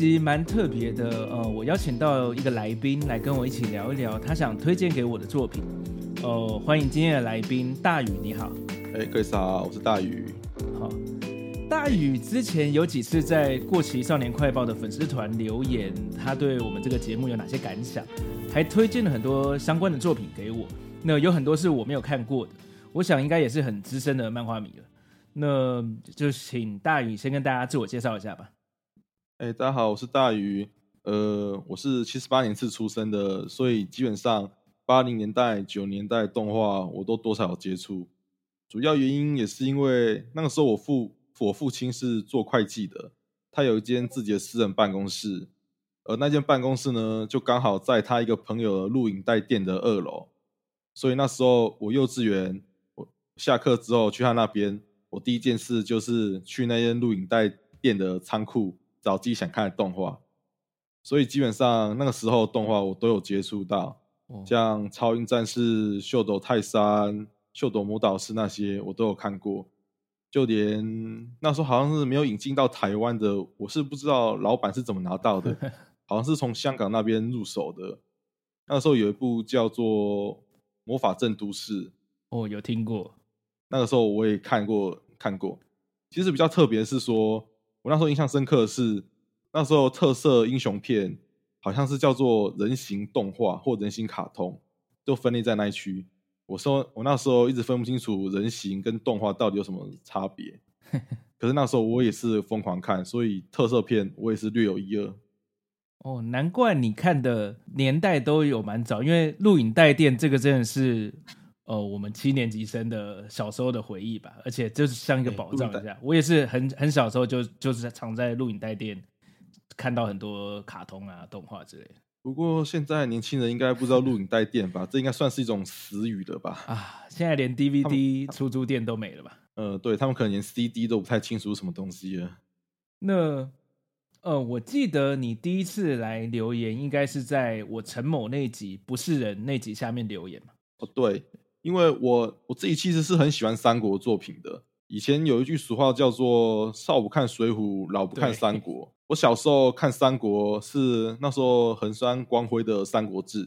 其實蠻特別的，呃，我邀請到一個來賓來跟我一起聊一聊他想推薦給我的作品，呃，歡迎今天的來賓大羽。你好。哎、欸，各位好，我是大羽。好、哦，大羽之前有幾次在過期少年快報的粉絲團留言，他對我們這個節目有哪些感想，還推薦了很多相關的作品給我，那有很多是我沒有看過的，我想應該也是很資深的漫畫迷了，那就請大羽先跟大家自我介紹一下吧。哎，大家好，我是大羽。呃，我是七十八年次出生的，所以基本上八零年代、九零年代動畫我都多少有接觸。主要原因也是因為那個時候我父我父親是做會計的，他有一間自己的私人辦公室，而那間辦公室呢，就剛好在他一個朋友的錄影帶店的二樓。所以那時候我幼稚園，我下課之後去他那邊，我第一件事就是去那間錄影帶店的倉庫。找自己想看的動畫，所以基本上那個時候的動畫我都有接觸到，哦，像《超音戰士》、《秀斗泰山》、《秀斗魔導師》那些我都有看過，就連那時候好像是沒有引進到台灣的，我是不知道老闆是怎麼拿到的， 好像是從香港那邊入手的。那時候有一部叫做《魔法陣都市》，哦，有聽過。那個時候我也看過，看過。其實比較特別是說，我那時候印象深刻的是，那時候特色英雄片好像是叫做人形動畫或人形卡通，就分類在那一區。我說我那時候一直分不清楚人形跟動畫到底有什麼差別， 可是那時候我也是瘋狂看，所以特色片我也是略有一二。哦，難怪你看的年代都有蠻早，因為錄影帶店這個真的是。呃、哦，我們七年級生的小時候的回憶吧，而且就是像一個寶藏一樣。欸、我也是很很小時候就就是常在錄影帶店看到很多卡通啊、動畫之類的。不過現在年輕人應該不知道錄影帶店吧？ 這應該算是一種死語了吧？啊，現在連 DVD 出租店都沒了吧？呃，對他們可能連 CD 都不太清楚什麼東西了。那呃，我記得你第一次來留言應該是在我陳某那集，不是人那集下面留言嘛？哦，對。因為我我自己其實是很喜歡三國作品的。以前有一句俗話叫做“少不看水滸，老不看三國”。對我小時候看三國是那時候橫山光輝的《三國志》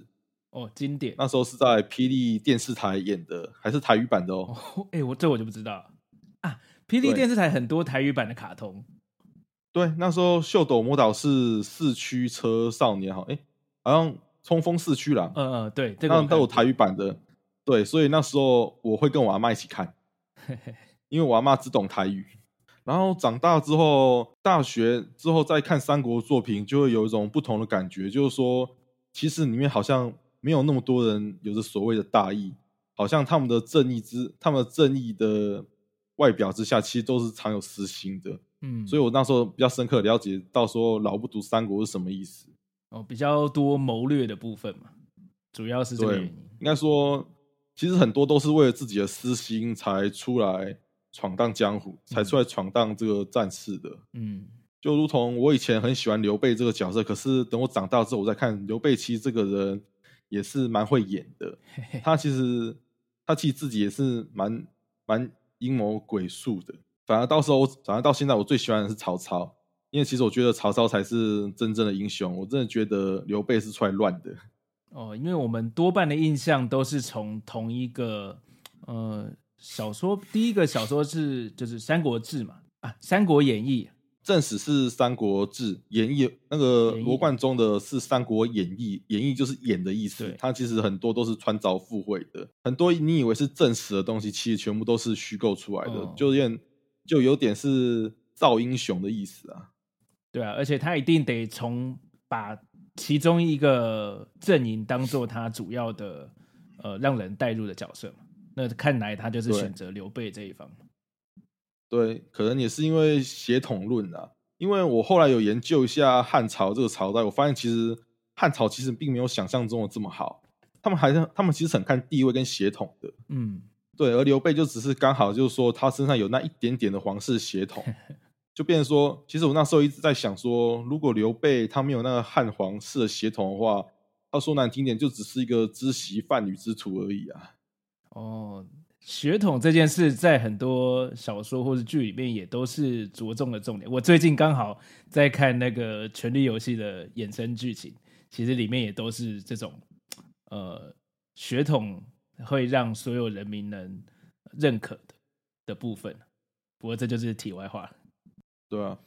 哦，經典。那時候是在霹靂電視台演的，還是台語版的哦？哎、哦欸，我這我就不知道啊。霹靂電視台很多台語版的卡通，對，對，那時候《秀逗魔導士》四驅車少年，好，哎，好像衝鋒四驅啦，嗯嗯，對，那、這個、都有台語版的。對，所以那時候我會跟我阿媽一起看，因為我阿媽只懂台語。然後長大之後，大學之後再看三國作品，就會有一種不同的感覺，就是說，其實裡面好像沒有那麼多人有着所謂的大義，好像他們的正義之，他們的正義的外表之下，其實都是藏有私心的。嗯，所以我那時候比較深刻了解到說，老不讀三國是什麼意思。比較多謀略的部分嘛，主要是這個原因，應該說。其實很多都是為了自己的私心才出來闖蕩江湖，嗯、才出來闖蕩這個戰事的。嗯，就如同我以前很喜歡劉備這個角色，可是等我長大之後，我再看劉備，其實這個人也是蠻會演的。嘿嘿，他其實他其實自己也是蠻蠻陰謀詭術的。反而到時候，反而到現在，我最喜歡的是曹操，因為其實我覺得曹操才是真正的英雄。我真的覺得劉備是出來亂的。哦，因為我們多半的印象都是從同一個，呃，小說第一個小說是就是《三國志》嘛，啊，《三國演義》正史是《三國志》，演義那個羅貫中的是《三國演義》，演義就是演的意思。他對其實很多都是穿鑿附會的，很多你以為是正史的東西，其實全部都是虛構出來的，哦、就有點就有點是造英雄的意思啊。對啊，而且他一定得從把其中一個陣營當做他主要的，呃，讓人帶入的角色。那看來他就是選擇劉備這一方對。對，可能也是因為血統論啊。因為我後來有研究一下漢朝這個朝代，我發現其實漢朝其實並沒有想象中的這麼好。他們還是，他們其實很看地位跟血統的。嗯，對。而劉備就只是剛好，就是說他身上有那一點點的皇室血統。 就變成說，其實我那時候一直在想說，如果劉備他沒有那個漢皇室的血統的話，他說難聽點就只是一個織席販履之徒而已啊。哦，血統這件事在很多小說或者劇裡面也都是着重的重點。我最近剛好在看那個《權力遊戲》的衍生劇情，其實裡面也都是這種，呃，血統會讓所有人民能認可的的部分。不過這就是題外話。對啊，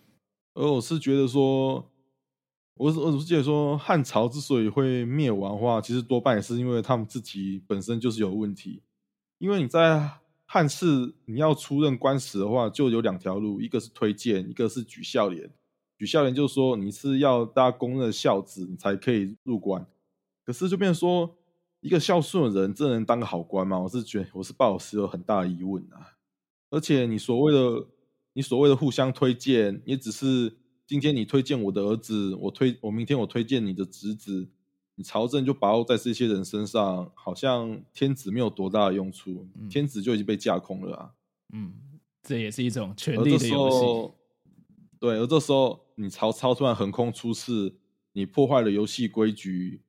而我是覺得說，我是我總覺得說漢朝之所以會滅亡的話，其實多半也是因為他們自己本身就是有問題。因為你在漢室，你要出任官職的話，就有兩條路，一個是推薦，一個是舉孝廉。舉孝廉就是說你是要大家公認的孝子，你才可以入官。可是就變說，一個孝順的人，這能當個好官嗎？我是覺得，我是抱持有很大的疑問啊。而且你所謂的。你所謂的互相推薦，也只是今天你推薦我的兒子，我推我明天我推薦你的侄子，你朝政就把握在這些人身上，好像天子沒有多大的用處，嗯，天子就已經被架空了啊。嗯，這也是一種權力的遊戲。對，而這時候你曹操突然橫空出世，你破壞了遊戲規矩，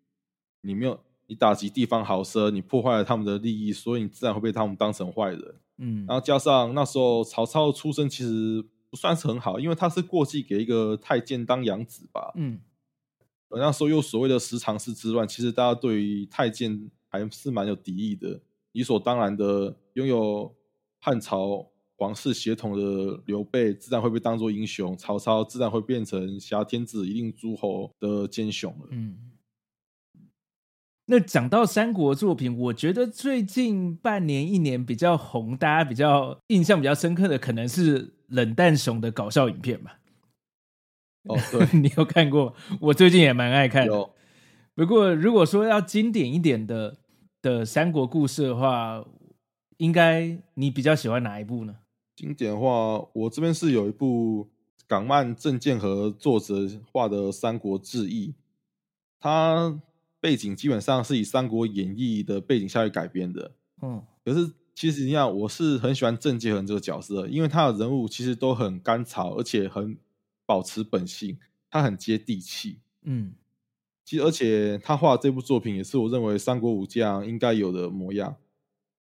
你沒有你打擊地方豪奢，你破壞了他們的利益，所以你自然會被他們當成壞人。嗯，然後加上那時候曹操出身其實不算是很好，因為他是過繼給一個太監當養子吧。嗯，而那時候又所謂的十常侍之亂，其實大家對於太監還是蠻有敵意的，理所當然的擁有漢朝皇室血統的劉備，自然會被當做英雄；曹操自然會變成挾天子以令諸侯的奸雄了。嗯。那講到三國作品，我覺得最近半年一年比較紅，大家比較印象比較深刻的可能是冷淡熊的搞笑影片吧。哦，對， 你有看過？我最近也蠻愛看的。有不過如果說要經典一點的的三國故事的話，應該你比較喜歡哪一部呢？經典的話，我這邊是有一部港漫鄭健和，作者畫的《三國志異》，他背景基本上是以《三國演義》的背景下去改編的，可是其實你看，我是很喜歡鄭健和這個角色，因為他的人物其實都很甘草，而且很保持本性，他很接地氣，嗯。其實，而且他畫這部作品也是我認為三國武將應該有的模樣。嗯、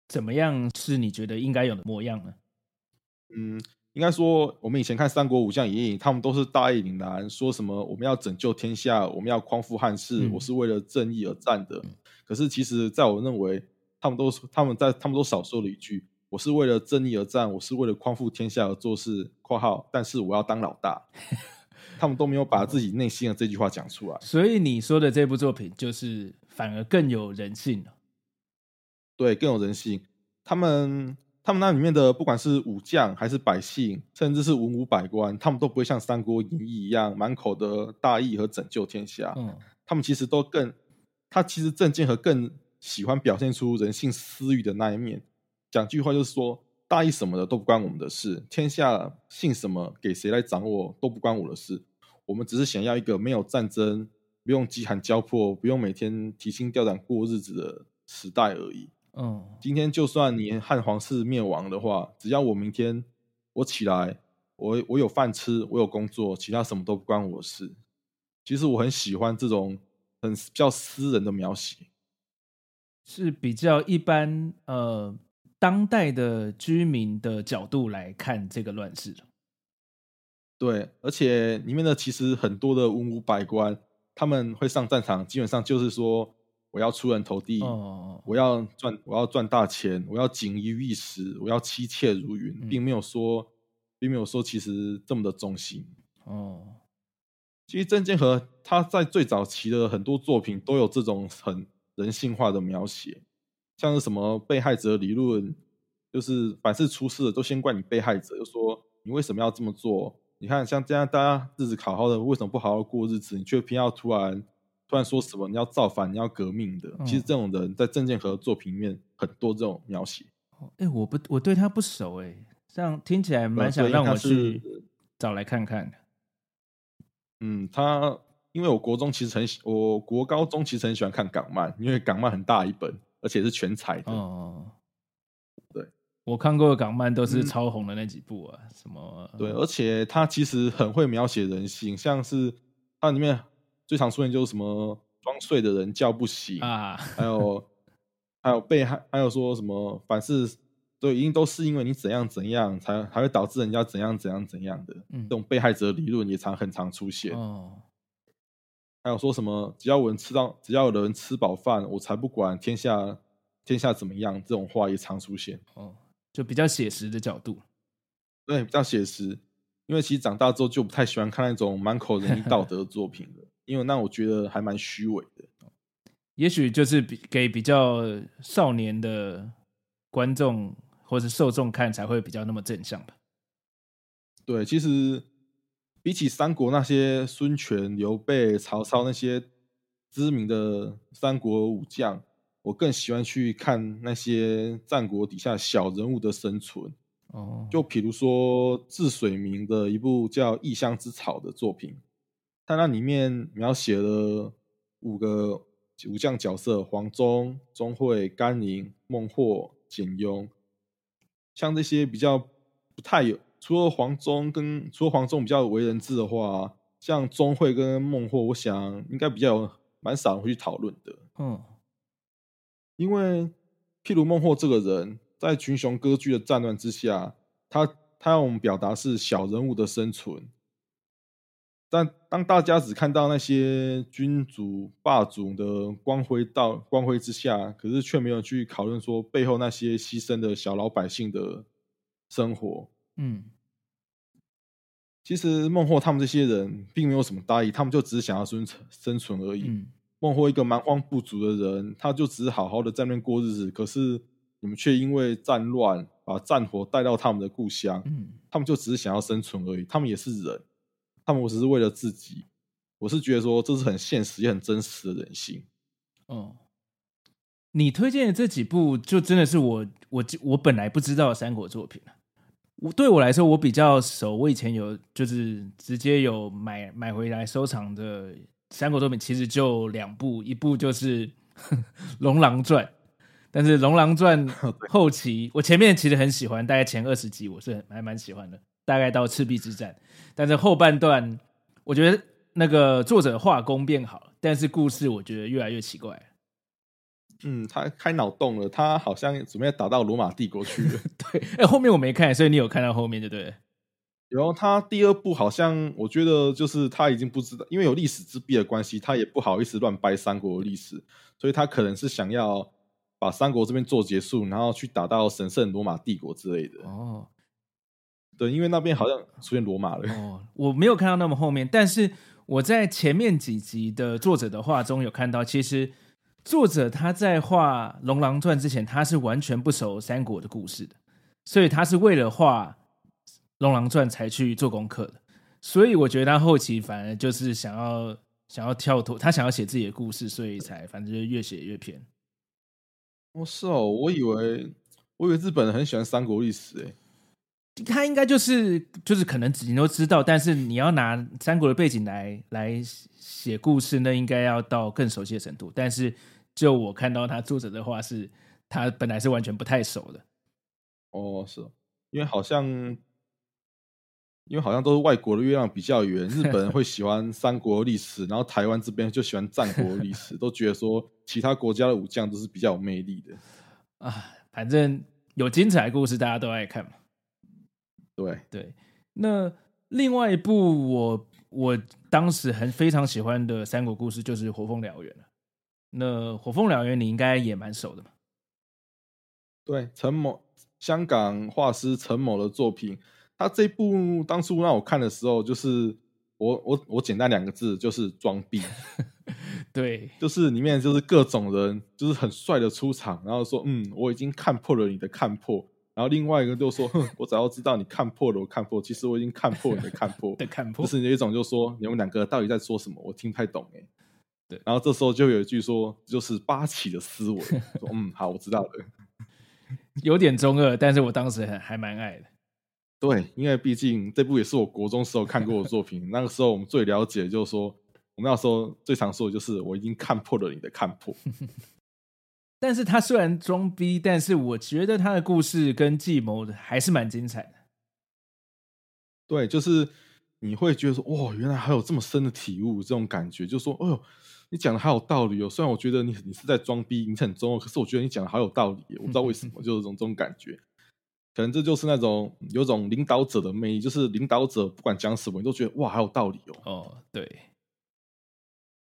怎麼樣是你覺得應該有的模樣呢？嗯。應該說，我們以前看《三國武將演義》，他們都是大義凜然，說什麼“我們要拯救天下，我們要匡扶漢室，我是為了正義而戰的”嗯。可是，其實在我認為，他們都他們在他們都少說了一句：“我是為了正義而戰，我是為了匡扶天下而做事。”（括號）但是，我要當老大， 他們都沒有把自己內心的這句話講出來。所以，你說的這部作品就是反而更有人性了。對，更有人性。他們。他們那裡面的不管是武將還是百姓，甚至是文武百官，他們都不會像《三國演義》一樣滿口的大義和拯救天下。嗯，他們其實都更，他其實政見和更喜歡表現出人性私欲的那一面。講句話就是說，大義什麼的都不關我們的事，天下姓什麼，給誰來掌握都不關我的事。我們只是想要一個沒有戰爭、不用飢寒交迫、不用每天提心吊膽過日子的時代而已。嗯，今天就算你漢皇室滅亡的話，只要我明天我起來，我我有飯吃，我有工作，其他什麼都不關我事。其實我很喜歡這種很比較私人的描寫，是比較一般呃當代的居民的角度來看這個亂世。對，而且裡面的其實很多的文武百官，他們會上戰場，基本上就是說。我要出人頭地，oh. 我要賺我要賺大錢，我要錦衣玉食，我要妻妾如雲，嗯、並沒有說，並沒有說其實這麼的忠心。哦，oh. 其實鄭健和他在最早期的很多作品都有這種很人性化的描寫，像是什麼被害者理論，就是凡是出事的都先怪你被害者，就說你為什麼要這麼做？你看像這樣，大家日子好好的，為什麼不好好過日子？你卻偏要突然。突然說什麼你要造反，你要革命的，其實這種人在政見和作品裡面，很多這種描寫。哎、嗯欸，我不，我對他不熟哎，像聽起來蠻想讓我去找來看看。哦、嗯，他因為我國中其實很喜，我國高中其實很喜歡看港漫，因為港漫很大一本，而且是全彩的。哦，哦，哦，對，我看過的港漫都是超紅的那幾部啊，嗯、什麼？嗯、對，而且他其實很會描寫人性，像是他裡面。最常出現就是什麼，裝睡的人叫不醒啊，還有 還有被害，還有說什麼凡事都一定都是因為你怎樣怎樣才才會導致人家怎樣怎樣怎樣的，嗯、這種被害者的理論也常很常出現。哦，還有說什麼只要有人吃到只要有人吃飽飯，我才不管天下天下怎麼樣，這種話也常出現。哦，就比較寫實的角度。對，比較寫實，因為其實長大之後就不太喜歡看那種滿口仁義道德的作品了。 因為那我覺得還蠻虛偽的，也許就是給比較少年的觀眾或是受眾看才會比較那麼正向吧。對，其實比起三國那些孫權、劉備、曹操那些知名的三國武將，我更喜歡去看那些戰國底下小人物的生存。哦，就比如說志水明的一部叫《異鄉之草》的作品。他那裡面描寫了五個武將角色：黃忠、鍾會、甘寧、孟獲、簡雍。像這些比較不太有，除了黃忠跟除了黃忠比較為人知的話，像鍾會跟孟獲，我想應該比較有蠻少人會去討論的。嗯，因為譬如孟獲這個人，在群雄割據的戰亂之下，他他讓我們表達是小人物的生存，但。當大家只看到那些君主霸主的光輝到光輝之下，可是卻沒有去考慮說背後那些犧牲的小老百姓的生活。嗯，其實孟獲他們這些人並沒有什麼大義，他們就只是想要生存生存而已。嗯、孟獲一個蠻荒部族的人，他就只是好好的在那邊過日子。可是你們卻因為戰亂把戰火帶到他們的故鄉，嗯、他們就只是想要生存而已，他們也是人。他們我只是為了自己，我是覺得說這是很現實也很真實的人性。哦，你推薦的這幾部就真的是我我我本來不知道的三國作品。我對我來說，我比較熟，我以前有就是直接有買買回來收藏的三國作品，其實就兩部，一部就是《龍狼傳》，但是《龍狼傳》後期對我前面其實很喜歡，大概前二十集我是還蠻喜歡的。大概到赤壁之戰，但是後半段我覺得那個作者畫工變好但是故事我覺得越來越奇怪。嗯，他開腦洞了，他好像準備要打到羅馬帝國去了。 對、欸，後面我沒看，所以你有看到後面對不對。然後他第二部好像我覺得就是他已經不知道，因為有歷史之壁的關係，他也不好意思亂掰三國歷史，所以他可能是想要把三國這邊做結束，然後去打到神聖羅馬帝國之類的。哦。對，因為那邊好像出現羅馬了。哦，我沒有看到那麼後面，但是我在前面幾集的作者的畫中有看到，其實作者他在畫《龍狼傳》之前，他是完全不熟三國的故事的，所以他是為了畫《龍狼傳》才去做功課的。所以我覺得他後期反而就是想要想要跳脫，他想要寫自己的故事，所以才反正就越寫越偏。我、哦、是哦，我以為我以為日本人很喜歡三國歷史誒，哎。他應該就是就是可能自己都知道，但是你要拿三國的背景來來寫故事呢，那應該要到更熟悉的程度。但是就我看到他作者的話是，是他本來是完全不太熟的。哦，是，因為好像因為好像都是外國的月亮比較圓，日本人會喜歡三國歷史， 然後台灣這邊就喜歡戰國歷史，都覺得說其他國家的武將都是比較有魅力的。啊，反正有精彩的故事，大家都愛看嘛。對對，那另外一部我我當時很非常喜歡的三國故事就是《火鳳燎原》。那《火鳳燎原》你應該也蠻熟的嘛？對，陳某，香港畫師陳某的作品，他這部當初讓我看的時候，就是我我我簡單兩個字就是裝逼。 對，就是裡面就是各種人，就是很帥的出場，然後說嗯，我已經看破了你的看破。然後另外一個就說：“我只要知道你看破了，我看破，其實我已經看破你的看破。 的看破”這是你的一種就是，就說你們兩個到底在說什麼？我聽不太懂誒。對然後這時候就有一句說，就是八奇的思維 嗯，好，我知道了。”有點中二，但是我當時還還蠻愛的。對，因為畢竟這部也是我國中時候看過的作品。 那個時候我們最了解，就是說我們要說最常說的就是：“我已經看破了你的看破。” 但是他雖然裝逼，但是我覺得他的故事跟計謀還是蠻精彩的。對，就是你會覺得說，哇、哦，原來還有這麼深的體悟，這種感覺，就是說，哦呦，你講的好有道理哦。雖然我覺得你你是在裝逼，你很裝哦，可是我覺得你講的好有道理。我不知道為什麼， 就是這種這種感覺，可能這就是那種有種領導者的魅力，就是領導者不管講什麼，你都覺得哇，好有道理哦。哦，對。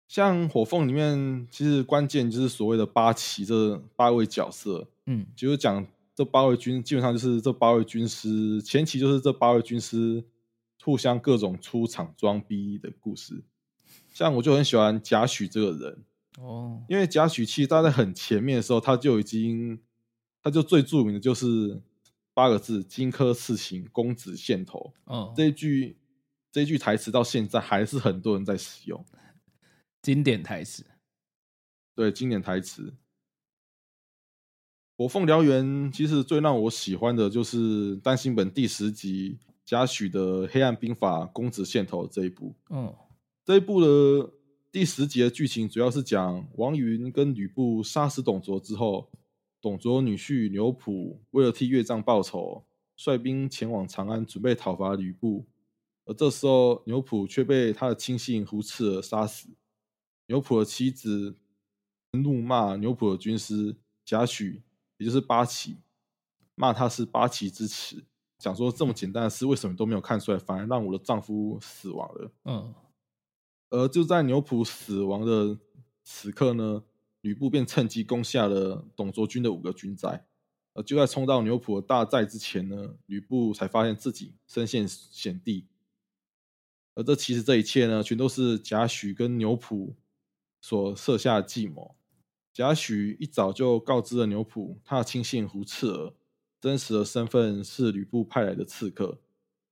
像火鳳裡面，其實關鍵就是所謂的八旗這八位角色，嗯，就是講這八位軍，基本上就是這八位軍師，前期就是這八位軍師互相各種出場裝逼的故事。像我就很喜歡賈詡這個人，哦，因為賈詡其實他在很前面的時候，他就已經，他就最著名的就是八個字“荊軻刺秦，公子獻頭”，嗯、哦，這一句這一句台詞到現在還是很多人在使用。經典台詞，對，經典台詞，《火鳳燎原》其實最讓我喜歡的就是單行本第十集賈詡的黑暗兵法公子線頭這一部。嗯、哦，這一部的第十集的劇情主要是講王允跟呂布殺死董卓之後，董卓女婿牛輔為了替岳丈報仇，率兵前往長安準備討伐呂布，而這時候牛輔卻被他的親信胡赤兒殺死。牛普的妻子怒罵牛普的軍師賈詡，也就是八奇，罵他是八奇之恥，想說這麼簡單的事為什麼都沒有看出來，反而讓我的丈夫死亡了。嗯，而就在牛普死亡的時刻呢，呂布便趁機攻下了董卓軍的五個軍寨。而就在衝到牛普的大寨之前呢，呂布才發現自己身陷險地。而這其實這一切呢，全都是賈詡跟牛普所設下的計謀，賈詡一早就告知了牛輔，他的親信胡赤兒真實的身份是呂布派來的刺客，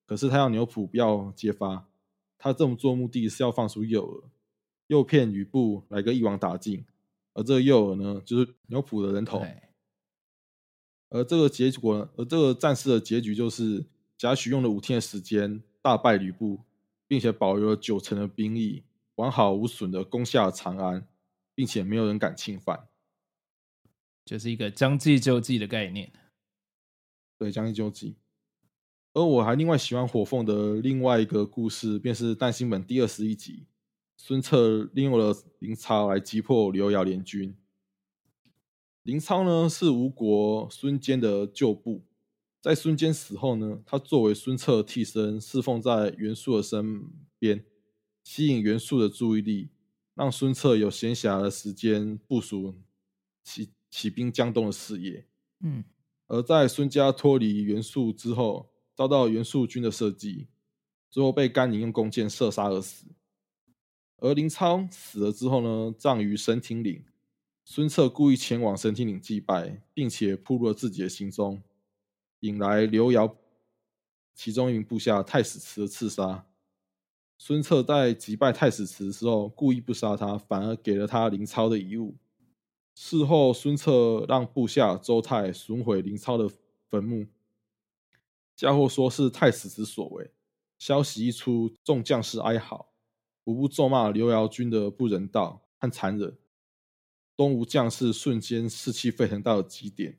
可是他要牛輔不要揭發。他這麼做的目的是要放出誘餌，誘騙呂布來個一網打盡。而這個誘餌呢，就是牛輔的人頭。對而這個結果，而這個戰事的結局就是，賈詡用了五天的時間大敗呂布，並且保留了九成的兵力。完好無損的攻下長安，並且沒有人敢侵犯，這是一個將計就計的概念。對，將計就計。而我還另外喜歡火鳳的另外一個故事，便是《單行本》第二十一集，孫策利用了林超來擊破劉繇聯軍。林超呢，是吳國孫堅的舊部，在孫堅死後呢，他作為孫策的替身，侍奉在袁術的身邊。吸引袁術的注意力，讓孫策有閒暇的時間部署起起兵江東的事業。嗯，而在孫家脫離袁術之後，遭到袁術軍的射擊，最後被甘寧用弓箭射殺而死。而林超死了之後呢，葬於神亭嶺。孫策故意前往神亭嶺祭拜，並且暴露了自己的行蹤，引來劉繇其中一名部下太史慈的刺殺。孫策在擊敗太史慈之後，故意不殺他，反而給了他凌操的遺物。事後，孫策讓部下周泰損毀凌操的墳墓，嫁禍說是太史慈所為。消息一出，眾將士哀嚎，無不咒罵劉繇軍的不人道和殘忍。東吳將士瞬間士氣沸騰到了極點，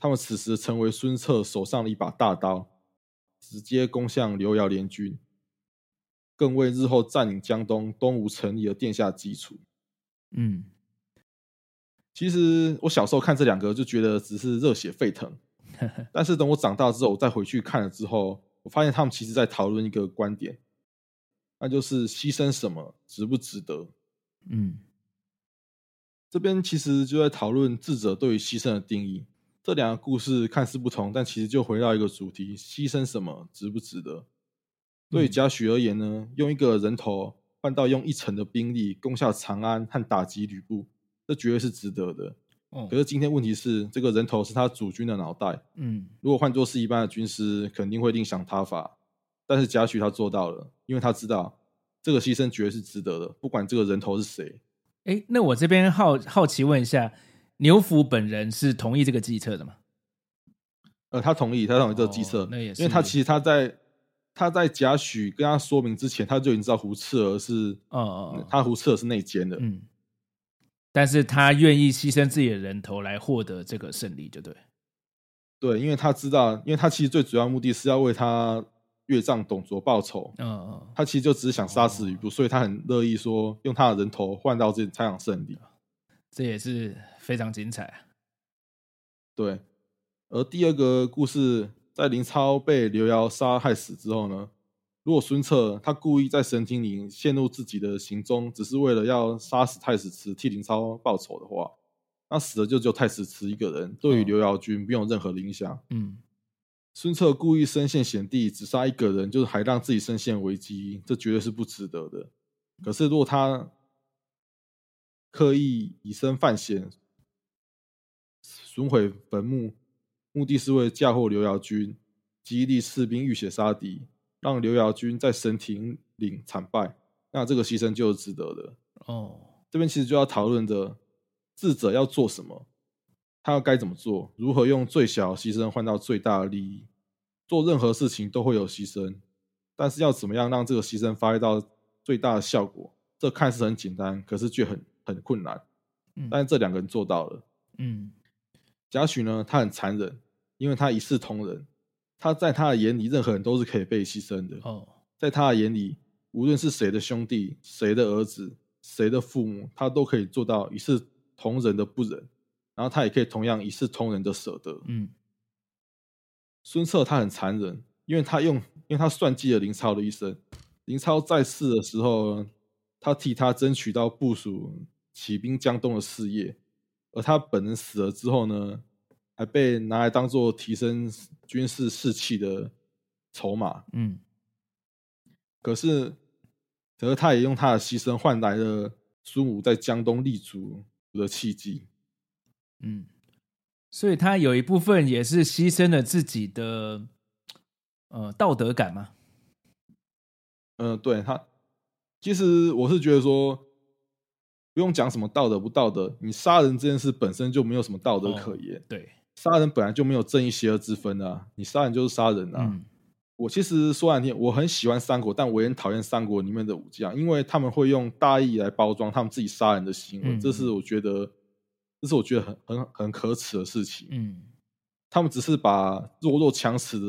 他們此時成為孫策手上的一把大刀，直接攻向劉繇聯軍。更為日後佔領江東、東吳成立而奠下基礎。嗯，其實我小時候看這兩個就覺得只是熱血沸騰， 但是等我長大之後我再回去看了之後，我發現他們其實在討論一個觀點，那就是犧牲什麼值不值得？嗯，這邊其實就在討論智者對於犧牲的定義。這兩個故事看似不同，但其實就回到一個主題：犧牲什麼值不值得？對賈詡而言呢，用一個人頭換到用一城的兵力攻下長安和打擊呂布，這絕對是值得的。哦，可是今天問題是，這個人頭是他主君的腦袋。嗯，如果換作是一般的軍師，肯定會另想他法。但是賈詡他做到了，因為他知道這個犧牲絕對是值得的，不管這個人頭是誰。哎，那我這邊好好奇問一下，牛輔本人是同意這個計策的嗎？呃，他同意，他同意這個計策。哦，那也是，因為他其實他在。他在賈詡跟他說明之前，他就已經知道胡赤兒是，哦哦哦嗯，他胡赤兒是內奸的，嗯，但是他願意犧牲自己的人頭來獲得這個勝利，就對，對，因為他知道，因為他其實最主要目的是要為他岳丈董卓報仇，嗯、哦哦，他其實就只是想殺死呂布，哦哦，所以他很樂意說用他的人頭換到這場勝利，這也是非常精彩，對，而第二個故事。在林超被劉瑤殺害死之後呢，如果孫策他故意在神亭嶺陷入自己的行蹤，只是為了要殺死太史慈，替林超報仇的話，那死的就只有太史慈一個人，嗯、對於劉瑤軍沒有任何的影響。嗯，孫策故意身陷險地，只殺一個人，就是還讓自己身陷危機，這絕對是不值得的。嗯、可是如果他刻意以身犯險，損毀墳墓，目的是為嫁禍劉繇軍，激勵士兵浴血殺敵，讓劉繇軍在神亭嶺慘敗。那這個犧牲就是值得的哦。這邊其實就要討論的智者要做什麼，他要該怎麼做，如何用最小犧牲換到最大的利益。做任何事情都會有犧牲，但是要怎麼樣讓這個犧牲發揮到最大的效果？這看似很簡單，可是卻很很困難。嗯，但這兩個人做到了。嗯，賈詡呢，他很殘忍。因為他一視同仁，他在他的眼裡，任何人都是可以被犧牲的。哦，在他的眼裡，無論是誰的兄弟、誰的兒子、誰的父母，他都可以做到一視同仁的不忍，然後他也可以同樣一視同仁的舍得。嗯，孫策他很殘忍，因為他用，因為他算計了林超的一生。林超在世的時候，他替他爭取到部署起兵江東的事業，而他本人死了之後呢？還被拿來當做提升軍事士氣的籌碼。嗯，可是，可是他也用他的犧牲換來了孫武在江東立足的契機。嗯，所以他有一部分也是犧牲了自己的，呃，道德感嗎？嗯，對他，其實我是覺得說，不用講什麼道德不道德，你殺人這件事本身就沒有什麼道德可言。哦，對。殺人本來就沒有正義邪惡之分啊！你殺人就是殺人啊！嗯、我其實說難聽點，我很喜歡三國，但我也很討厭三國裡面的武將，因為他們會用大義來包裝他們自己殺人的行為，嗯、這是我覺得，這是我覺得很很很可恥的事情。嗯，他們只是把弱肉強食的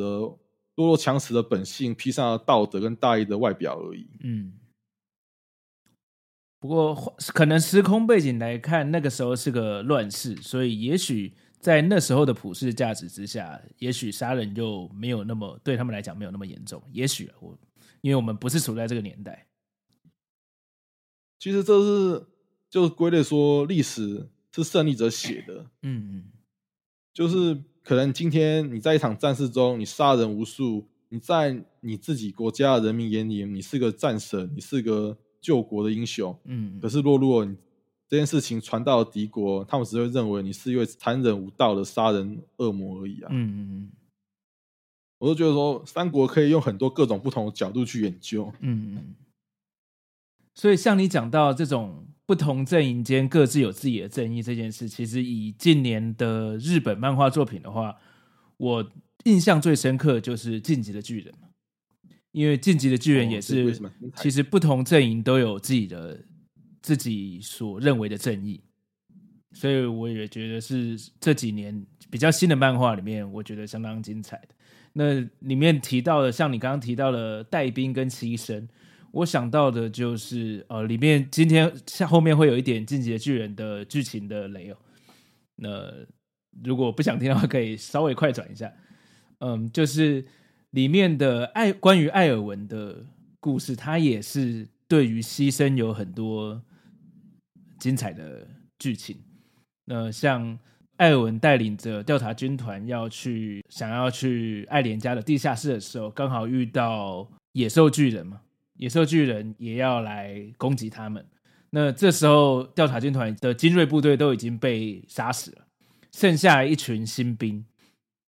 弱肉強食的本性披上了道德跟大義的外表而已。嗯，不過可能時空背景來看，那個時候是個亂世，所以也許。在那時候的普世價值之下，也許殺人就沒有那麼對他們來講沒有那麼嚴重。也許我，因為我們不是處在這個年代，其實這是就是歸類說歷史是勝利者寫的。嗯 嗯，就是可能今天你在一場戰事中，你殺人無數，你在你自己國家的人民眼裡你是個戰神，你是個救國的英雄。嗯，可是落落。這件事情傳到敵國，他們只會認為你是一位殘忍無道的殺人惡魔而已啊！嗯嗯嗯，我都覺得說《三國》可以用很多各種不同的角度去研究。嗯嗯，所以，像你講到這種不同陣營間各自有自己的正義這件事，其實以近年的日本漫畫作品的話，我印象最深刻的就是《進擊的巨人》。因為《進擊的巨人》也是，哦、是其實不同陣營都有自己的。自己所認為的正義，所以我也覺得是這幾年比較新的漫畫裡面，我覺得相當精彩的。那裡面提到的，像你剛剛提到的帶兵跟犧牲，我想到的就是呃，裡面今天像後面會有一點進擊的巨人的劇情的雷哦、喔。那如果不想聽的話，可以稍微快轉一下。嗯，就是裡面的艾關於艾爾文的故事，他也是對於犧牲有很多。精彩的劇情，那像艾爾文帶領着調查軍團要去，想要去艾蓮家的地下室的時候，剛好遇到野獸巨人嘛。野獸巨人也要來攻擊他們。那這時候，調查軍團的精銳部隊都已經被殺死了，剩下一群新兵。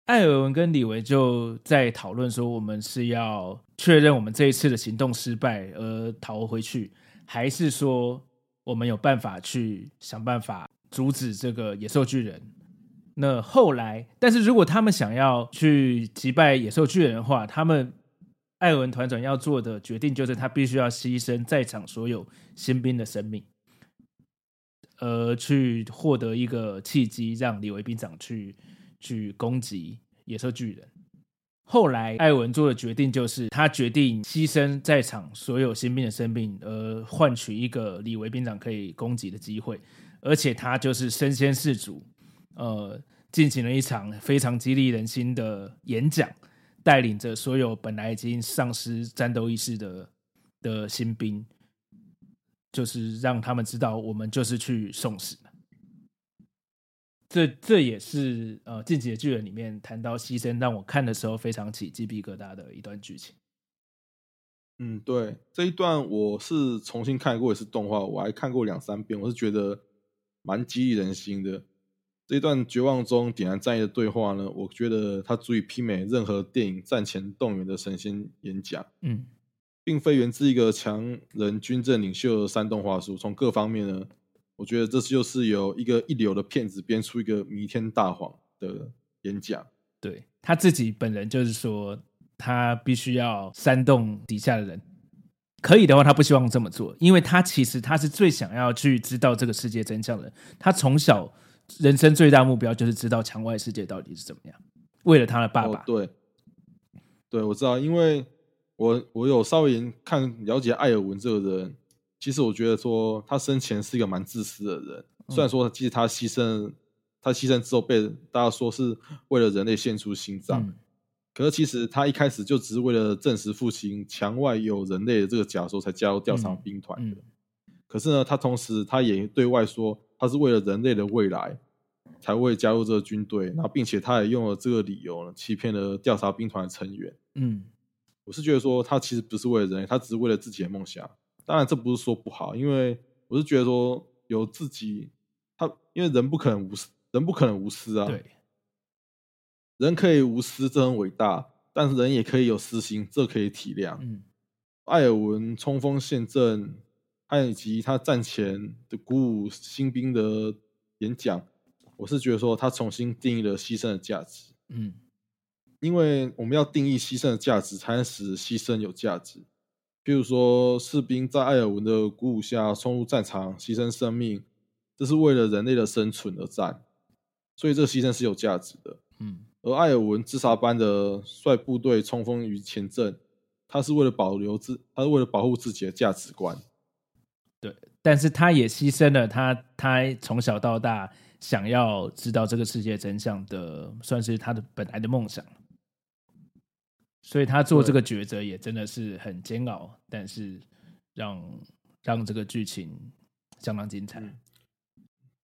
艾爾文跟李維就在討論說：我們是要確認我們這一次的行動失敗而逃回去，還是說？我們有辦法去想辦法阻止這個野獸巨人。那後來，但是如果他們想要去擊敗野獸巨人的話，他們艾文團長要做的決定就是，他必須要犧牲在場所有新兵的生命，呃，去獲得一個契機，讓李維兵長去去攻擊野獸巨人。後來，艾文做的決定就是，他決定犧牲在場所有新兵的生命，而換取一個李維兵長可以攻擊的機會。而且，他就是身先士卒，呃，進行了一場非常激勵人心的演講，帶領着所有本來已經喪失戰鬥意識的的新兵，就是讓他們知道，我們就是去送死。這這也是呃，《進擊的巨人》裡面談到犧牲，讓我看的時候非常起雞皮疙瘩的一段劇情。嗯，對，這一段我是重新看過一次動畫，我還看過兩三遍，我是覺得蠻激勵人心的。這一段絕望中點燃戰役的對話呢，我覺得它足以媲美任何電影戰前動員的神仙演講。嗯，並非源自一個強人軍政領袖的煽動話術，從各方面呢。我覺得這就是由一個一流的騙子編出一個彌天大謊的演講。對，他自己本人就是說，他必須要煽動底下的人。可以的話，他不希望這麼做，因為他其實他是最想要去知道這個世界真相的。他從小人生最大目標就是知道牆外世界到底是怎麼樣。為了他的爸爸，哦、對，對，我知道，因為我我有稍微看了解艾爾文這個人。其實我覺得說，他生前是一個蠻自私的人。雖然說，其實他犧牲，他犧牲之後被大家說是為了人類獻出心臟，嗯、可是其實他一開始就只是為了證實父親牆外有人類的這個假說才加入調查兵團的。嗯嗯、可是呢，他同時他也對外說，他是為了人類的未來才會加入這個軍隊，然後並且他也用了這個理由呢，欺騙了調查兵團的成員。嗯，我是覺得說，他其實不是為了人類，他只是為了自己的夢想。當然，這不是說不好，因為我是覺得說有自己，他因為人不可能無私，人不可能無私啊。對，人可以無私，這很偉大，但是人也可以有私心，這可以體諒。嗯，艾爾文衝鋒陷陣，他以及他戰前的鼓舞新兵的演講，我是覺得說他重新定義了犧牲的價值。嗯，因為我們要定義犧牲的價值，才能使犧牲有價值。比如說，士兵在艾爾文的鼓舞下衝入戰場，犧牲生命，這是為了人類的生存而戰，所以這犧牲是有價值的。嗯，而艾爾文自殺般的率部隊衝鋒於前陣，他是為了保留自，他是為了保護自己的價值觀。對，但是他也犧牲了他，他從小到大想要知道這個世界真相的，算是他的本來的夢想。所以他做這個抉擇也真的是很煎熬，對但是讓讓這個劇情相當精彩。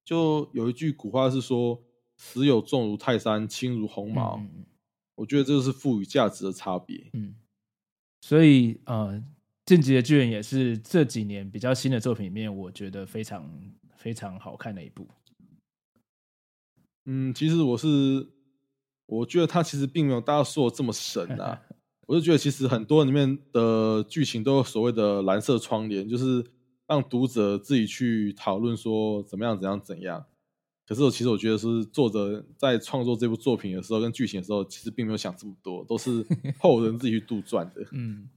就有一句古話是說“死有重如泰山，輕如鴻毛”，嗯，我覺得這個是賦予價值的差別。嗯，所以呃《進擊的巨人》也是這幾年比較新的作品裡面，我覺得非常非常好看的一部。嗯，其實我是我覺得他其實並沒有大家說的這麼神啊。 我就覺得，其實很多裡面的劇情都有所謂的“藍色窗簾”，就是讓讀者自己去討論說怎麼樣、怎樣、怎樣。可是我其實我覺得，是作者在創作這部作品的時候跟劇情的時候，其實並沒有想這麼多，都是後人自己去杜撰的。 嗯，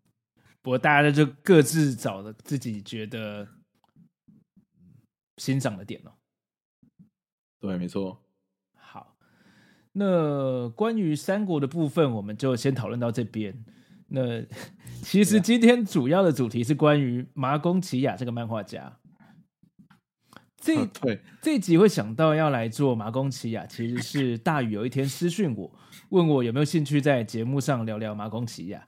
不過大家就各自找的，自己覺得欣賞的點哦。對，沒錯。那關於三國的部分，我們就先討論到這邊。那其實今天主要的主題是關於麻宮騎亞這個漫畫家。這、啊，對這集會想到要來做麻宮騎亞，其實是大羽有一天私訊我，問我有沒有興趣在節目上聊聊麻宮騎亞，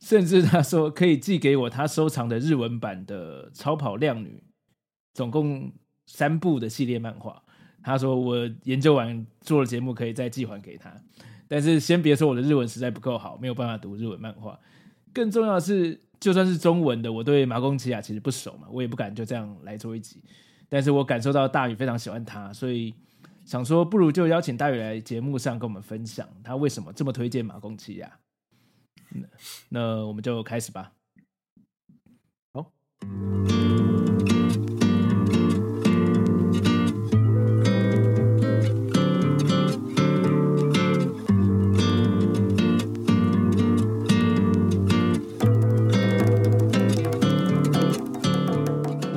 甚至他說可以寄給我他收藏的日文版的《超跑靚女》，總共三部的系列漫畫。他說：“我研究完做了節目，可以再寄還給他。但是先別說我的日文實在不夠好，沒有辦法讀日文漫畫。更重要的是，就算是中文的，我對麻宮騎亞其實不熟嘛，我也不敢就這樣來做一集。但是我感受到大羽非常喜歡他，所以想說，不如就邀請大羽來節目上跟我們分享他為什麼這麼推薦麻宮騎亞。那我們就開始吧。”好。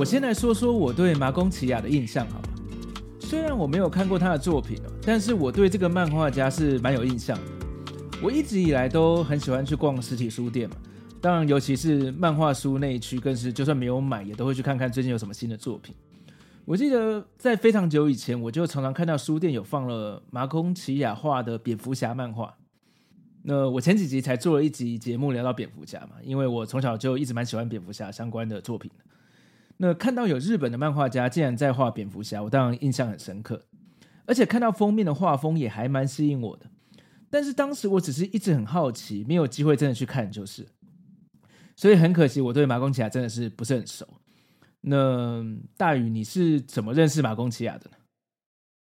我先來說說我對麻宮騎亞的印象好了，雖然我沒有看過他的作品，但是我對這個漫畫家是蠻有印象的。我一直以來都很喜歡去逛實體書店嘛，當然尤其是漫畫書那一區，更是就算沒有買也都會去看看最近有什麼新的作品。我記得在非常久以前，我就常常看到書店有放了麻宮騎亞畫的蝙蝠俠漫畫。那我前幾集才做了一集節目聊到蝙蝠俠嘛，因為我從小就一直蠻喜歡蝙蝠俠相關的作品。那看到有日本的漫畫家竟然在畫蝙蝠俠，我當然印象很深刻，而且看到封面的畫風也還蠻吸引我的。但是當時我只是一直很好奇，沒有機會真的去看，就是，所以很可惜，我對麻宮騎亞真的是不是很熟。那大羽，你是怎麼認識麻宮騎亞的呢？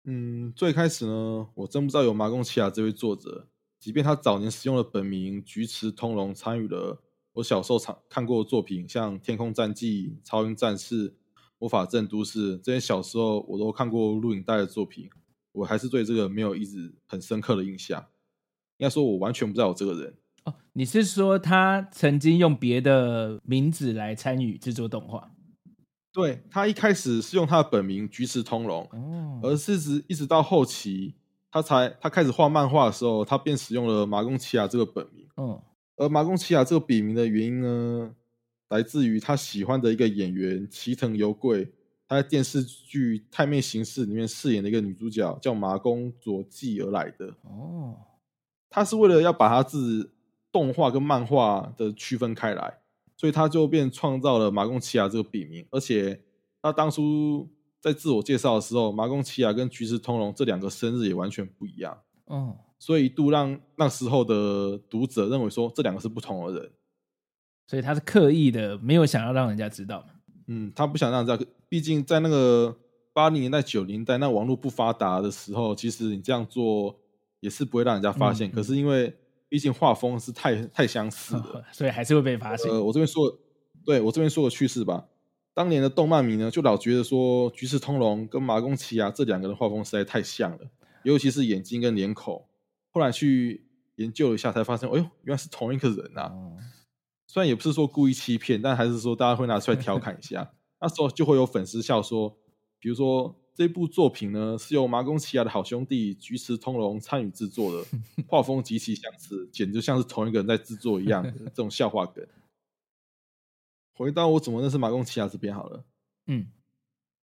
嗯，最開始呢，我真不知道有麻宮騎亞這位作者，即便他早年使用了本名菊池通隆，參與了。我小時候常看過的作品，像《天空戰記》《超音戰士》《魔法陣都市》這些，小時候我都看過錄影帶的作品。我還是對這個沒有一直很深刻的印象。應該說，我完全不知道我這個人、哦、你是說他曾經用別的名字來參與製作動畫？對，他一開始是用他的本名菊池通隆，哦、而是指，一直到後期，他才，他開始畫漫畫的時候，他便使用了麻宮騎亞這個本名。嗯、哦。而麻宮騎亞這個筆名的原因呢，來自於他喜歡的一個演員齊藤由貴，他在電視劇《太妹刑事》裡面飾演的一個女主角叫麻宮佐紀而來的。哦，他是為了要把他自動畫跟漫畫的區分開來，所以他就便創造了麻宮騎亞這個筆名。而且他當初在自我介紹的時候，麻宮騎亞跟菊池通隆這兩個生日也完全不一樣。嗯所以一度讓那時候的讀者認為說這兩個是不同的人，所以他是刻意的沒有想要讓人家知道嘛。嗯，他不想讓人家，畢竟在那個八零年代九零代那個、網絡不發達的時候，其實你這樣做也是不會讓人家發現。嗯嗯、可是因為畢竟畫風是太太相似了、哦，所以還是會被發現。呃，我這邊說，對我這邊說個趣事吧。當年的動漫迷呢，就老覺得說菊池通隆跟麻宮騎亞、啊、這兩個人畫風實在太像了，尤其是眼睛跟臉孔。後來去研究一下，才發現，哎呦，原來是同一個人啊！雖然也不是說故意欺騙，但還是說大家會拿出來調侃一下。那時候就會有粉絲笑說，比如說這部作品呢，是由麻宮騎亞的好兄弟菊池通隆參與製作的，畫風極其相似，簡直像是同一個人在製作一樣。這種笑話梗。回到我怎麼認識麻宮騎亞這邊好了，嗯。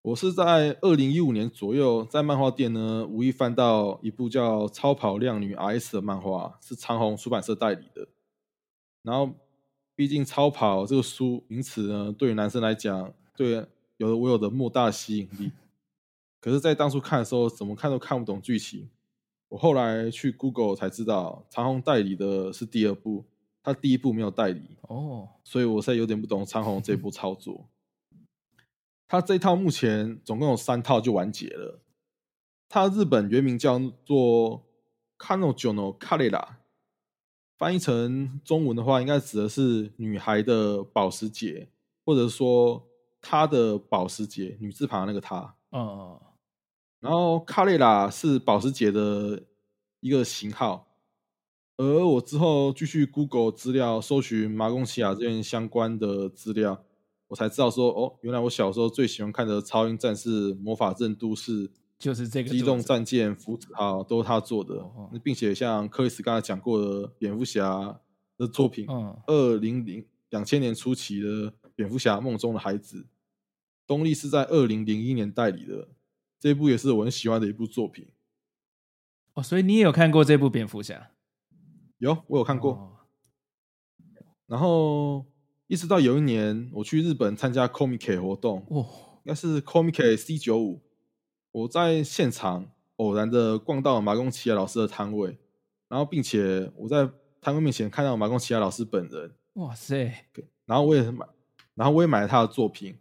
我是在二零一五年左右，在漫畫店呢，無意翻到一部叫《超跑靚女 R.S.》的漫畫，是長虹出版社代理的。然後，畢竟“超跑”這個書名詞呢，對於男生來講，對有的我有的莫大的吸引力。 可是，在當初看的時候，怎麼看都看不懂劇情。我後來去 Google 才知道，長虹代理的是第二部，它第一部沒有代理哦，所以我現在有點不懂長虹這一部操作。 它這一套目前總共有三套就完結了。它日本原名叫做 Kanojo no Carrera，翻譯成中文的話，應該指的是女孩的保時捷，或者說她的保時捷，女字旁那個她。嗯，嗯，嗯。然後 Carrera 是保時捷的一個型號，而我之後繼續 Google 資料，搜尋麻宮騎亞這邊相關的資料。我才知道說哦，原來我小時候最喜歡看的《超音戰士》《魔法陣都市》就是這個機動戰艦福子號、哦，都是他做的，哦哦，並且像克里斯剛才講過的蝙蝠俠的作品，二零零兩千年初期的蝙蝠俠夢中的孩子，東立是在二零零一年代理的這一部也是我很喜歡的一部作品。哦，所以你也有看過這部蝙蝠俠？有，我有看過。哦、然後。一直到有一年，我去日本參加 Comiket 活動，哦，那是 Comiket C 九五，我在現場偶然的逛到麻宮騎亞老師的攤位，然後並且我在攤位面前看到麻宮騎亞老師本人，哇塞！然後我也買，然後我也買了他的作品。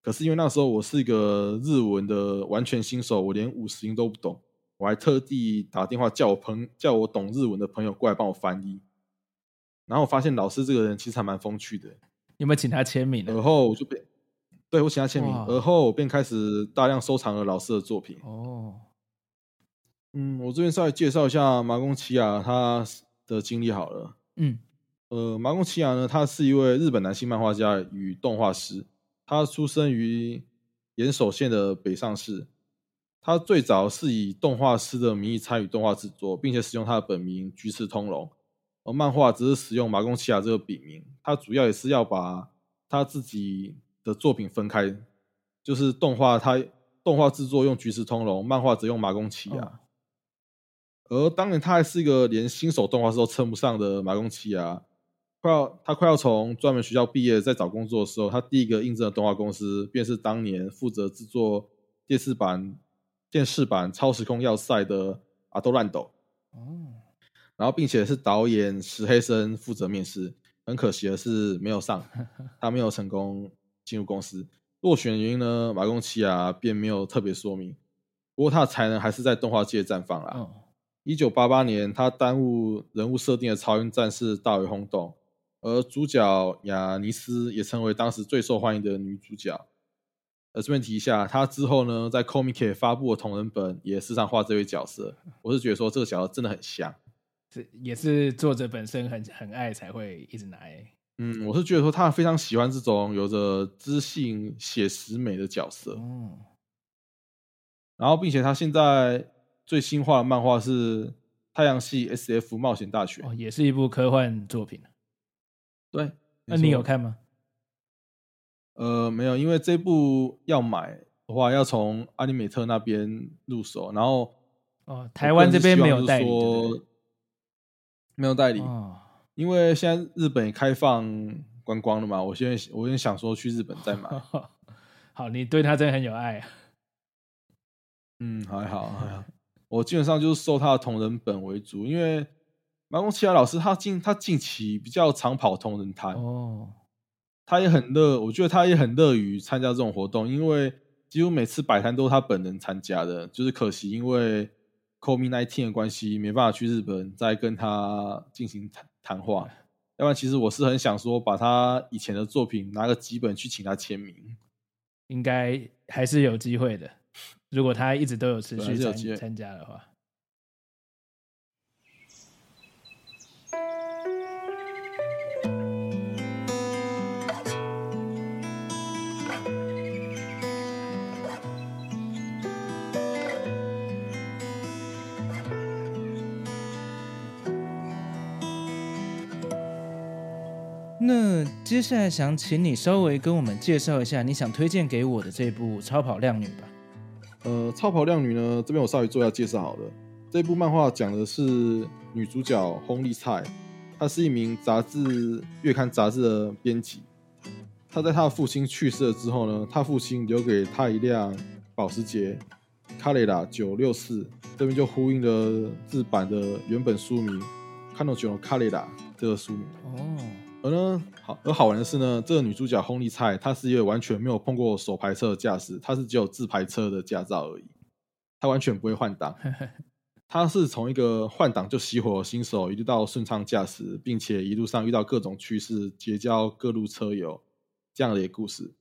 可是因為那時候我是一個日文的完全新手，我連五十音都不懂，我還特地打電話叫我朋叫我懂日文的朋友過來幫我翻譯。然後我發現老師這個人其實還蠻風趣的。有沒有請他簽名呢？而後我就變，對，我請他簽名 Wow，而後我便開始大量收藏了老師的作品，oh。哦，嗯，我這邊稍微介紹一下麻宮騎亞他的經歷好了。嗯，呃，麻宮騎亞呢，他是一位日本男性漫畫家與動畫師，他出生於岩手縣的北上市，他最早是以動畫師的名義參與動畫制作，並且使用他的本名菊池通隆。而漫畫只是使用麻宮騎亞這個筆名，他主要也是要把他自己的作品分開，就是動畫他動畫制作用菊池通隆，漫畫則用麻宮騎亞。哦、而當年他還是一個連新手動畫師都稱不上的麻宮騎亞，快要他快要從專門學校畢業，在找工作的時候，他第一個應徵的動畫公司便是當年負責製作電視版電視版超時空要塞的阿多蘭斗。哦。然後，並且是導演石黑昇負責面試，很可惜的是沒有上，他沒有成功進入公司。落選原因呢，麻宮騎亞便沒有特別說明。不過他的才能還是在動畫界綻放啦。一九八八年，他擔任人物設定的《超音戰士》大為轟動，而主角雅尼斯也成為當時最受歡迎的女主角。呃，順便提一下，他之後呢，在 Comic 發布的同人本也時常畫這位角色。我是覺得說這個角色真的很像。也是作者本身很很愛才會一直拿。嗯，我是覺得說他非常喜歡這種有着知性寫實美的角色。嗯，然後並且他現在最新畫的漫畫是《太陽系 S.F. 冒險大全》哦，也是一部科幻作品。對，那你有看嗎？呃，沒有，因為這部要買的話要從阿尼美特那邊入手，然後哦，台灣這邊沒有帶沒有代理，因為現在日本也開放觀光了嘛。我現在我也想說去日本再買。 好，你對他真的很有愛啊。嗯，還好，好，好。 我基本上就是收他的同人本為主，因為麻宮騎亞老師他近他近期比較常跑同人攤，哦，他也很樂，我覺得他也很樂於參加這種活動，因為幾乎每次擺攤都是他本人參加的，就是可惜因為。COVID-19 的關係，沒辦法去日本再跟他進行談談話。嗯，要不然，其實我是很想說，把他以前的作品拿個幾本去請他簽名，應該還是有機會的。如果他一直都有持續參加的話。那接下來想請你稍微跟我們介紹一下你想推薦給我的這部《超跑靚女》吧。呃，《超跑靚女》呢，這邊我稍微做一下介紹好了。這部漫畫講的是女主角轟利菜，她是一名雜誌月刊雜誌的編輯。她在她的父親去世了之後呢，她父親留給她一輛保時捷卡雷拉九六四，這邊就呼應了日版的原本書名《Kanojo no 卡雷拉》這個書名。哦。而呢，好而好玩的是呢，這個女主角紅利菜，她是一個完全沒有碰過手排車的駕駛，她是只有自排車的駕照而已，她完全不會換擋， 她是從一個換擋就熄火的新手，一路到順暢駕駛，並且一路上遇到各種趣事，結交各路車友這樣的一個故事，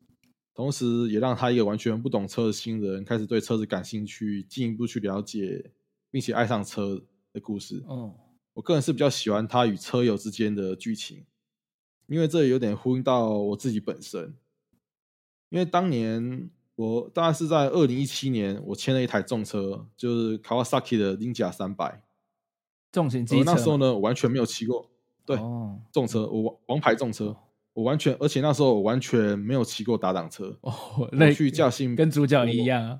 同時也讓她一個完全不懂車的新人，開始對車子感興趣，進一步去了解，並且愛上車的故事。哦，我個人是比較喜歡她與車友之間的劇情。因為這裡有點呼應到我自己本身，因為當年我大概是在二零一七年，我簽了一台重車，就是 Kawasaki 的 Ninja 三百重型機車。我那時候呢，我完全沒有騎過，對，哦、重車，我王牌重車，我完全，而且那時候我完全沒有騎過打檔車哦。那去駕訓跟主角一樣啊？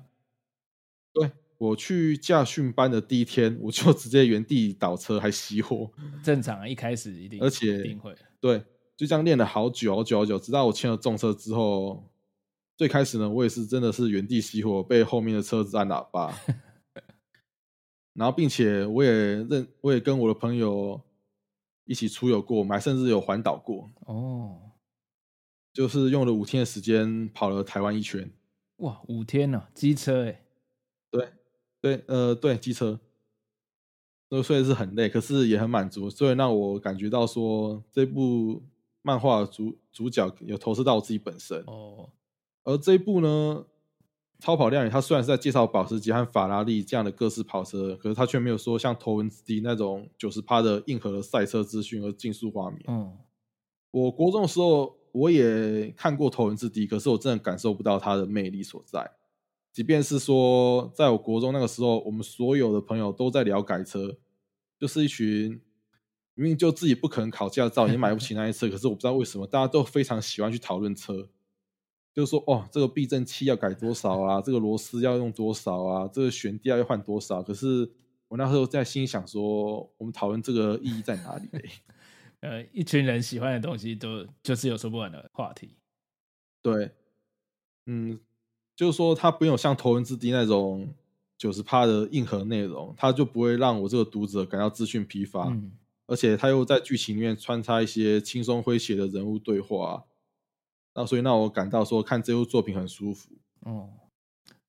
我對，我去駕訓班的第一天，我就直接原地倒車，還熄火。正常，一開始一定，而且一定會對。就這樣練了好久，好久，好久，直到我牽了重車之後，最開始呢，我也是真的是原地熄火，被後面的車子按喇叭。 然後，並且我也認，我也跟我的朋友一起出遊過，還甚至有環島過。哦，就是用了五天的時間跑了台灣一圈。哇，五天呢，啊，機車哎，欸。對，對，呃，對，機車。那雖然是很累，可是也很滿足，所以讓我感覺到說這部。漫畫主主角，有投射到我自己本身哦，而這一部呢，《超跑靚女》它，雖然是在介紹保時捷和法拉利這樣的各式跑車，可是它卻沒有說像《頭文字 D》那種九十趴的硬核的賽車資訊和競速畫面。嗯，我國中的時候我也看過《頭文字 D》，可是我真的感受不到它的魅力所在。即便是說，在我國中那個時候，我們所有的朋友都在聊改車，就是一群。明明就自己不可能考駕照，也買不起那些車， 可是我不知道為什麼大家都非常喜歡去討論車，就是說，哦，這個避震器要改多少啊， 這個螺絲要用多少啊，這個懸吊要換多少？可是我那時候在心想說，我們討論這個意義在哪裡，欸？ 呃，一群人喜歡的東西都，都就是有說不完的話題。對，嗯，就是說他不用像頭文字 D 那種九十趴的硬核內容，他就不會讓我這個讀者感到資訊疲乏。嗯。而且他又在劇情裡面穿插一些輕鬆詼諧的人物對話，那所以讓我感到說看這部作品很舒服。哦，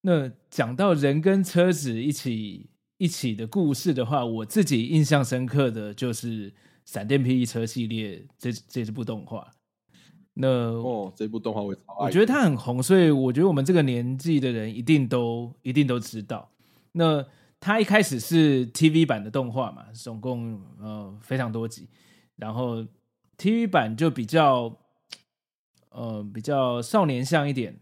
那講到人跟車子一起一起的故事的話，我自己印象深刻的就是《閃電霹靂車》系列這，這這部動畫。那哦，這部動畫好。我覺得它很紅，所以我覺得我們這個年紀的人一定都一定都知道。那它一開始是 TV 版的動畫嘛，總共呃非常多集，然後 TV 版就比較呃比較少年向一點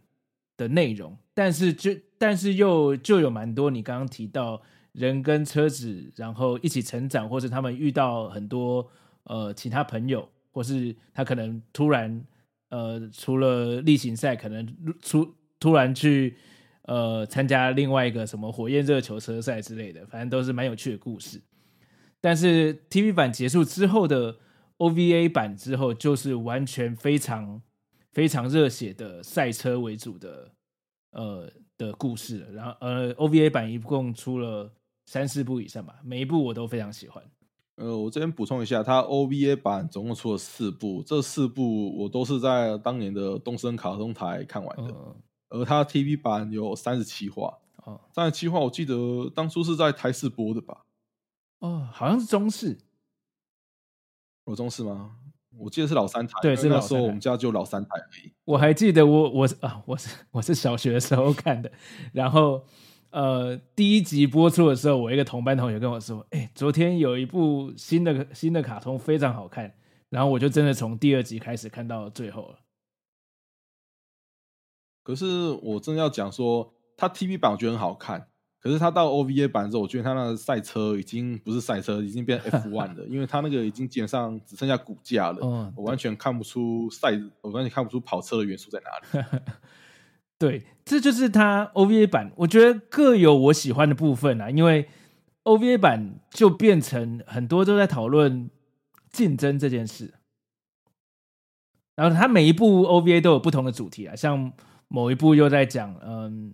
的內容，但是就但是又就有蠻多你剛剛提到人跟車子，然後一起成長，或是他們遇到很多呃其他朋友，或是他可能突然呃除了例行賽，可能出突然去。呃，參加另外一個什麼火焰熱球車賽之類的，反正都是蠻有趣的故事。但是 TV 版結束之後的 OVA 版之後，就是完全非常非常熱血的賽車為主的呃的故事。然後呃 OVA 版一共出了三四部以上吧，每一部我都非常喜歡。呃，我這邊補充一下，它 OVA 版總共出了四部，這四部我都是在當年的東森卡通台看完的。嗯。而他 TV 版有三十七話，啊三十七話，我記得當初是在台視播的吧？哦，好像是中視，有中視嗎？我記得是老三台，對，是那時候我們家就老三台而已。我還記得我我是啊，我是我是小學的時候看的， 然後呃，第一集播出的時候，我一個同班同學跟我說：“哎，昨天有一部新的新的卡通非常好看。”然後我就真的從第二集開始看到最後了。可是我真的要講說，他 T V 版我覺得很好看，可是他到 O V A 版之後，我覺得他那個賽車已經不是賽車，已經變 F one 了， 因為他那個已經基本上只剩下骨架了，哦、我完全看不出賽，我完全看不出跑車的元素在哪裡。 對，這就是他 O V A 版，我覺得各有我喜歡的部分啊，因為 O V A 版就變成很多都在討論競爭這件事，然後他每一部 O V A 都有不同的主題啊，像。某一部又在講，嗯，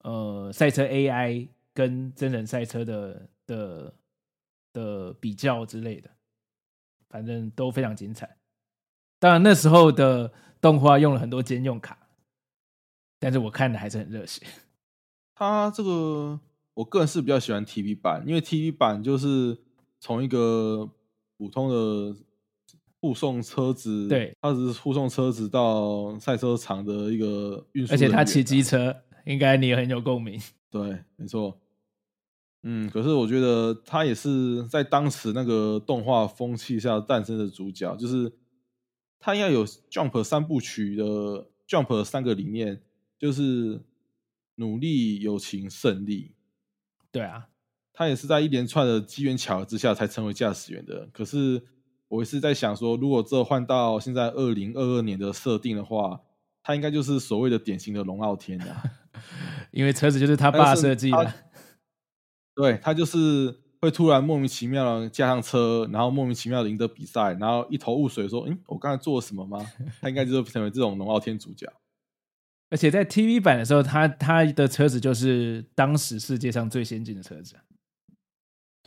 呃，賽車 AI 跟真人賽車的的的比較之類的，反正都非常精彩。當然那時候的動畫用了很多兼用卡，但是我看的還是很熱血。他這個，我個人是比較喜歡 TV 版，因為 TV 版就是從一個普通的。護送車子，對，他只是護送車子到賽車場的一個運輸，而且他騎機車，應該你也很有共鳴。對，沒錯。嗯，可是我覺得他也是在當時那個動畫風氣下誕生的主角，就是他應該有 Jump 三部曲的 Jump 三個理念，就是努力、友情、勝利。對啊，他也是在一連串的機緣巧合之下才成為駕駛員的。可是。我是在想說，如果這換到現在二零二二年的設定的話，他應該就是所謂的典型的龍傲天呀、啊， 因為車子就是他爸設計的，對，他就是會突然莫名其妙的駕上車，然後莫名其妙的贏得比賽，然後一頭霧水說：“嗯、欸，我剛才做了什麼嗎？”他應該就是成為這種龍傲天主角。 而且在 TV 版的時候，他他的車子就是當時世界上最先進的車子。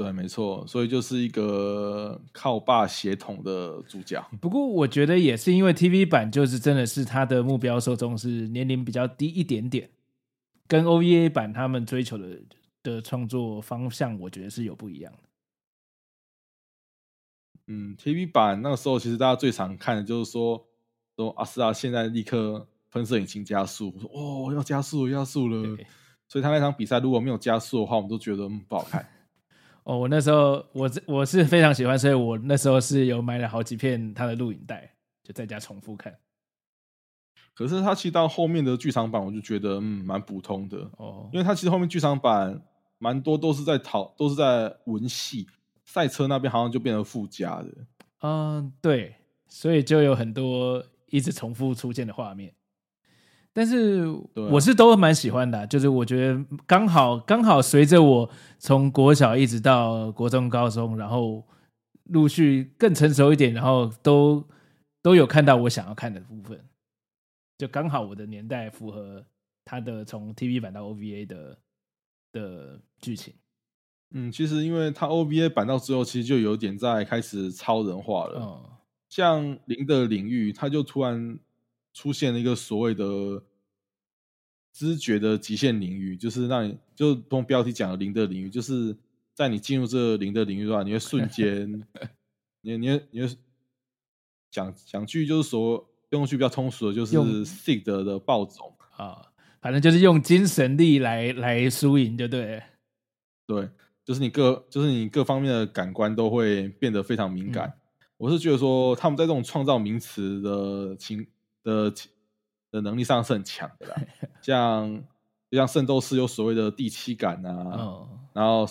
對，沒錯，所以就是一個靠爸協同的主角。不過，我覺得也是因為 TV 版就是真的是他的目標受眾是年齡比較低一點點，跟 OVA 版他們追求的的創作方向，我覺得是有不一樣。嗯，TV 版那個時候其實大家最常看的就是說說阿斯拉現在立刻噴射引擎加速，我說哦要加速加速了，速了對所以他那場比賽如果沒有加速的話，我們都覺得不好看。哦，我那時候我我是非常喜歡，所以我那時候是有買了好幾片他的錄影帶，就在家重複看。可是他其實到後面的劇場版，我就覺得嗯蠻普通的哦，因為他其實後面劇場版蠻多都是在討，都是在文戲，賽車那邊好像就變得附加的。嗯，對，所以就有很多一直重複出現的畫面。但是我是都蠻喜歡的、啊，對就是我覺得剛好剛好隨着我從國小一直到國中、高中，然後陸續更成熟一點，然後都都有看到我想要看的部分，就剛好我的年代符合他的從 TV 版到 OVA 的的劇情。嗯，其實因為他 OVA 版到之後，其實就有點在開始超人化了，哦，像零的領域，他就突然出現了一個所謂的。知覺的極限領域，就是讓你就通標題講的零的領域，就是在你進入這零的領域的話，你會瞬間 Okay.，你會你你講講句就是說，用句比較通俗的，就是 s, 用 seed 的暴走啊，反正就是用精神力來來輸贏，對不對？對，就是你各就是你各方面的感官都會變得非常敏感。嗯，我是覺得說，他們在這種創造名詞的情的。情的的能力上是很強的啦， 像就像聖鬥士有所謂的第七感吶、啊，哦、然後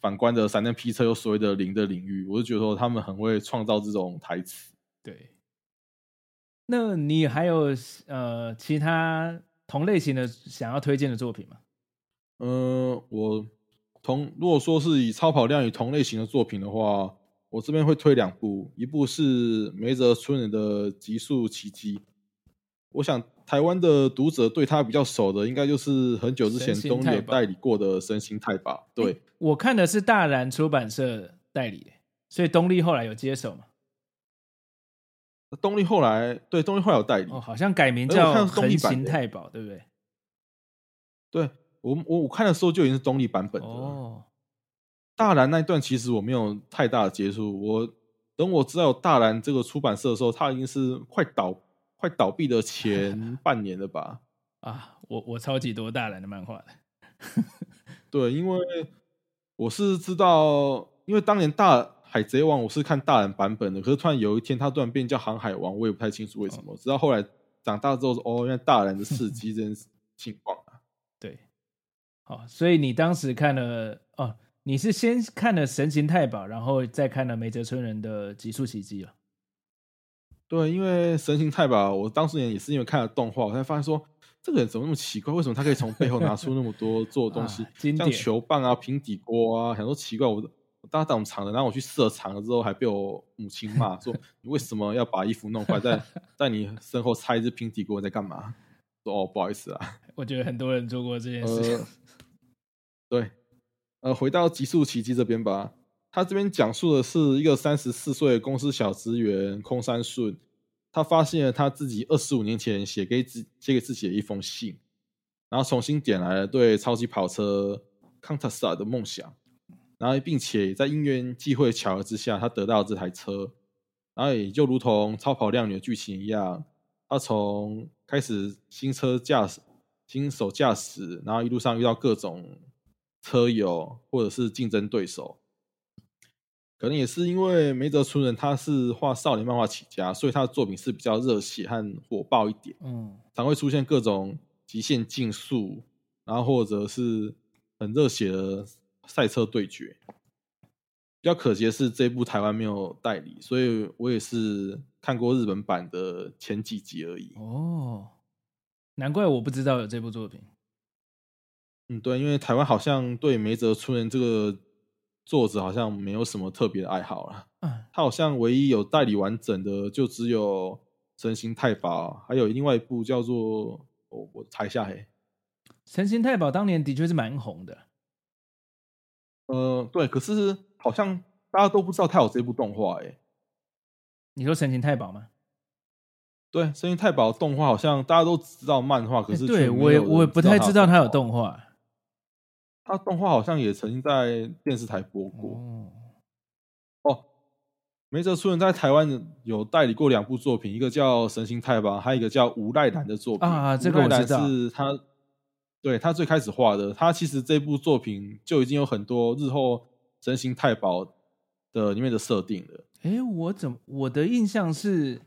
反觀的閃電霹靂車有所謂的零的領域，我就覺得他們很會創造這種台詞。對，那你還有呃其他同類型的想要推薦的作品嗎？嗯、呃，我同如果說是以超跑靚女同類型的作品的話，我這邊會推兩部，一部是梅澤春人的《極速奇蹟我想台灣的讀者對他比較熟的，應該就是很久之前東立有代理過的《神行太保》。對、欸、我看的是大然出版社代理的，所以東立後來有接手嗎？東立後來對，東立後來有代理，哦，好像改名叫《神行太保》，對不對？對，我我我看的時候就已經是東立版本的哦。大然那一段其實我沒有太大的接觸，我等我知道大然這個出版社的時候，它已經是快倒。快倒閉的前半年了吧？ 啊，我我超級多大人的漫畫 對，因為我是知道，因為當年《大海賊王》我是看大人版本的，可是突然有一天他突然變叫《航海王》，我也不太清楚為什麼。哦、直到後來長大之後，哦，原來大人的事蹟這件事情況啊。 對，好，所以你當時看了哦，你是先看了《神行太保》，然後再看了梅澤春人的《極速奇蹟》了。對，因為神形態吧，我當時也是因為看了動畫，我才發現說這個人怎麼那麼奇怪？為什麼他可以從背後拿出那麼多做的東西， 啊、像球棒啊、平底鍋啊？想說奇怪，我，我大當擋長的，然後我去射場了之後，還被我母親罵說你為什麼要把衣服弄壞，在在你身後插一只平底鍋在幹嘛？說哦，不好意思啊。我覺得很多人做過這件事情、呃。對，呃，回到極速奇蹟這邊吧。他這邊講述的是一個三十四歲公司小職員空山順，他發現了他自己二十五年前寫給自寫給自己的一封信，然後重新點燃了對超級跑車 Countach 的夢想，然後並且在因緣際會巧合之下，他得到了這台車，然後也就如同超跑靚女的劇情一樣，他從開始新車駕駛新手駕駛，然後一路上遇到各種車友或者是競爭對手。可能也是因為梅澤春人他是畫少年漫畫起家，所以他的作品是比較熱血和火爆一點，嗯，常會出現各種極限競速，然後或者是很熱血的賽車對決。比較可惜的是，這部台灣沒有代理，所以我也是看過日本版的前幾集而已。哦，難怪我不知道有這部作品。嗯，對，因為台灣好像對梅澤春人這個。作者好像沒有什麼特別的愛好了、啊。啊、他好像唯一有代理完整的就只有《神行太保》，還有另外一部叫做……哦、我我查一下嘿、欸，《神行太保》當年的確是蠻紅的。呃，對，可是好像大家都不知道他有這部動畫哎、欸。你說神《神行太保》嗎？對，《神行太保》動畫好像大家都只知道漫畫，可是、欸、對我也我也不太知道他有動畫。他動畫好像也曾經在電視台播過。嗯、哦，梅澤春人在台灣有代理過兩部作品，一個叫《神行太保》，還有一個叫《無賴男》的作品啊，啊，啊。是這個我知道。他對他最開始畫的，他其實這部作品就已經有很多日後《神行太保》的裡面的設定了。哎、欸，我怎麼我的印象是《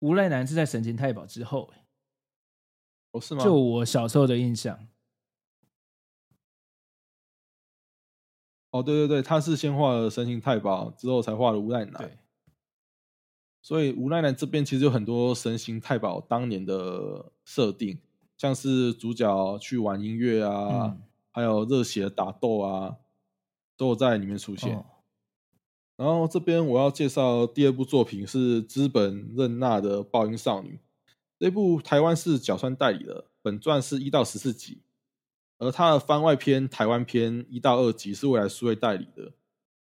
無賴男》是在《神行太保》之後、哦，是嗎？就我小時候的印象。哦，對對對，他是先畫了《神行太保》之後才畫了《無賴男》。對，所以《無賴男》這邊其實有很多《神行太保》當年的設定，像是主角去玩音樂啊，嗯、還有熱血打鬥啊，都有在裡面出現。哦、然後這邊我要介紹第二部作品是織本任那的《爆音少女》，這部台灣是角川代理的，本傳是一到十四集。而他的番外篇台灣篇一到二集是未來數位代理的。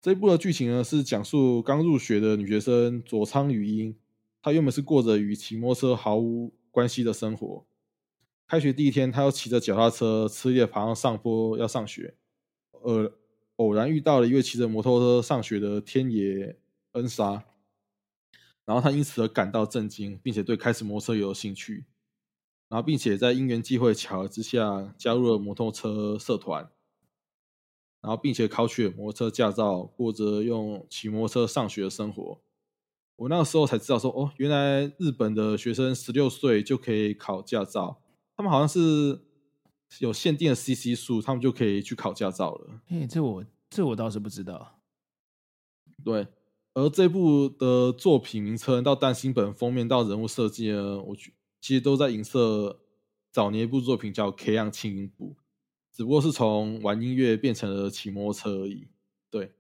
這一部的劇情呢，是講述剛入學的女學生佐倉羽音，她原本是過着與騎摩托車毫無關係的生活。開學第一天，她又騎着腳踏車吃力爬上上坡要上學，呃，偶然遇到了一位騎着摩托車上學的天野恩紗。然後她因此而感到震驚，並且對開始摩托車有興趣。然後，並且在因緣際會，巧合之下，加入了摩托車社團。然後，並且考取摩托車駕照，過着用騎摩托車上學的生活。我那個時候才知道說，說哦，原來日本的學生十六歲就可以考駕照。他們好像是有限定的 CC 數，他們就可以去考駕照了。哎，欸，這我這我倒是不知道。對，而這部的作品名稱到單行本封面到人物設計呢，我覺。其實都在影射早年一部作品叫 K-ON 輕音部，只不過是從玩音樂變成了騎摩托車而已。對，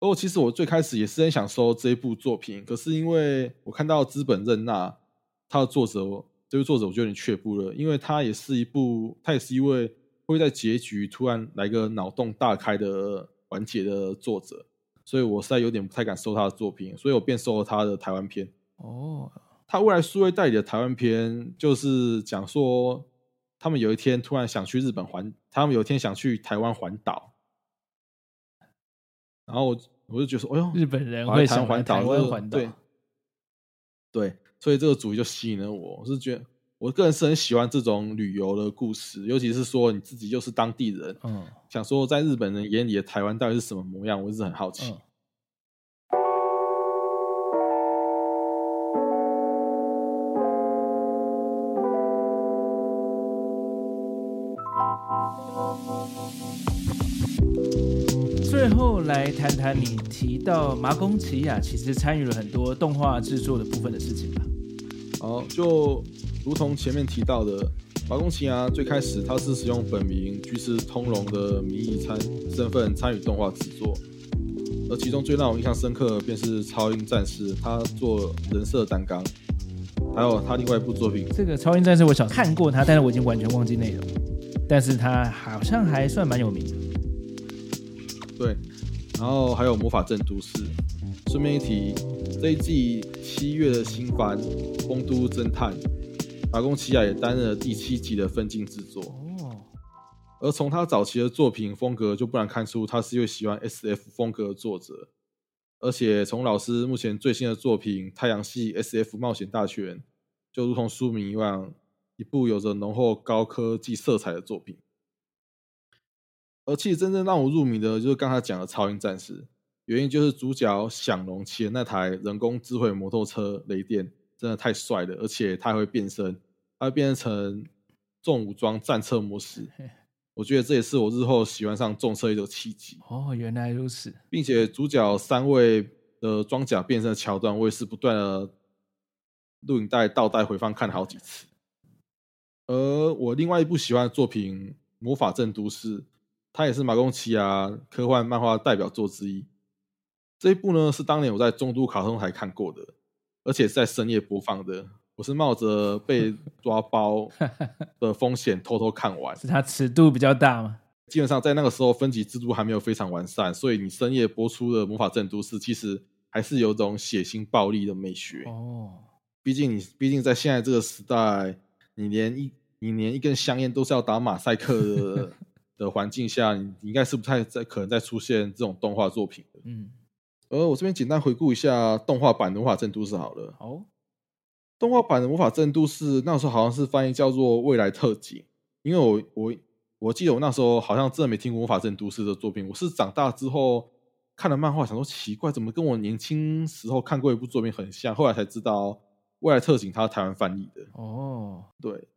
而我其實我最開始也是很想收這一部作品，可是因為我看到織本任那他的作者，這位作者我就有點卻步了，因為他也是一部，他也是一位會在結局突然來個腦洞大開的完結的作者，所以我實在有點不太敢收他的作品，所以我便收了他的台灣篇。哦。他未來數位代理的台灣篇，就是講說他們有一天突然想去日本環，他們有一天想去台灣環島，然後我我就覺得說，哎呦，日本人會環台灣環島，對，對，所以這個主意就吸引了我。我是覺得，我個人是很喜歡這種旅遊的故事，尤其是說你自己又是當地人，嗯，想說在日本人眼裡的台灣到底是什麼模樣，我是很好奇。嗯你提到麻宮騎亞其實參與了很多動畫制作的部分的事情吧？好，就如同前面提到的，麻宮騎亞最開始他是使用本名菊池通隆的名義參身份參與動畫制作，而其中最讓我印象深刻的便是《超音戰士》，他做人設擔綱，還有他另外一部作品。這個《超音戰士》我想看過他，但是我已經完全忘記內容，但是他好像還算蠻有名的。對。然後還有魔法陣都市。順便一提，這一季七月的新番《風都偵探》麻宮騎亞也擔任了第七集的分鏡制作。哦。而從他早期的作品風格就不難看出，他是一位喜歡 SF 風格的作者。而且從老師目前最新的作品《太陽系 SF 冒險大全》，就如同書名一樣，一部有着濃厚高科技色彩的作品。而且真正讓我入迷的就是剛才講的《超音戰士》，原因就是主角享龍騎的那台人工智慧摩托車雷電真的太帥了，而且它還會變身，它會變成重武裝戰車模式。我覺得這也是我日後喜歡上重車的一種契機。哦，原來如此！並且主角三位的裝甲變身的橋段，我也是不斷的錄影帶倒帶回放看了好幾次。而我另外一部喜歡的作品《魔法陣都市》。它也是麻宮騎亞科幻漫畫代表作之一。這一部呢，是當年我在中都卡通台看過的，而且是在深夜播放的。我是冒着被抓包的風險偷偷看完。 是它尺度比較大嗎？基本上在那個時候分級制度還沒有非常完善，所以你深夜播出的《魔法陣都市》其實還是有種血腥暴力的美學。哦，畢竟你畢竟在現在這個時代，你連一你連一根香煙都是要打馬賽克的。 的環境下，應該是不太再可能再出現這種動畫作品的。嗯，而我這邊簡單回顧一下動畫版的《魔法陣都市》好了。好，動畫版的《魔法陣都市》那時候好像是翻譯叫做《未來特警》，因為我我我記得我那時候好像真的沒聽過《魔法陣都市》的作品，我是長大之後看了漫畫，想說奇怪，怎麼跟我年輕時候看過一部作品很像？後來才知道《未來特警》它是台灣翻譯的。哦，對。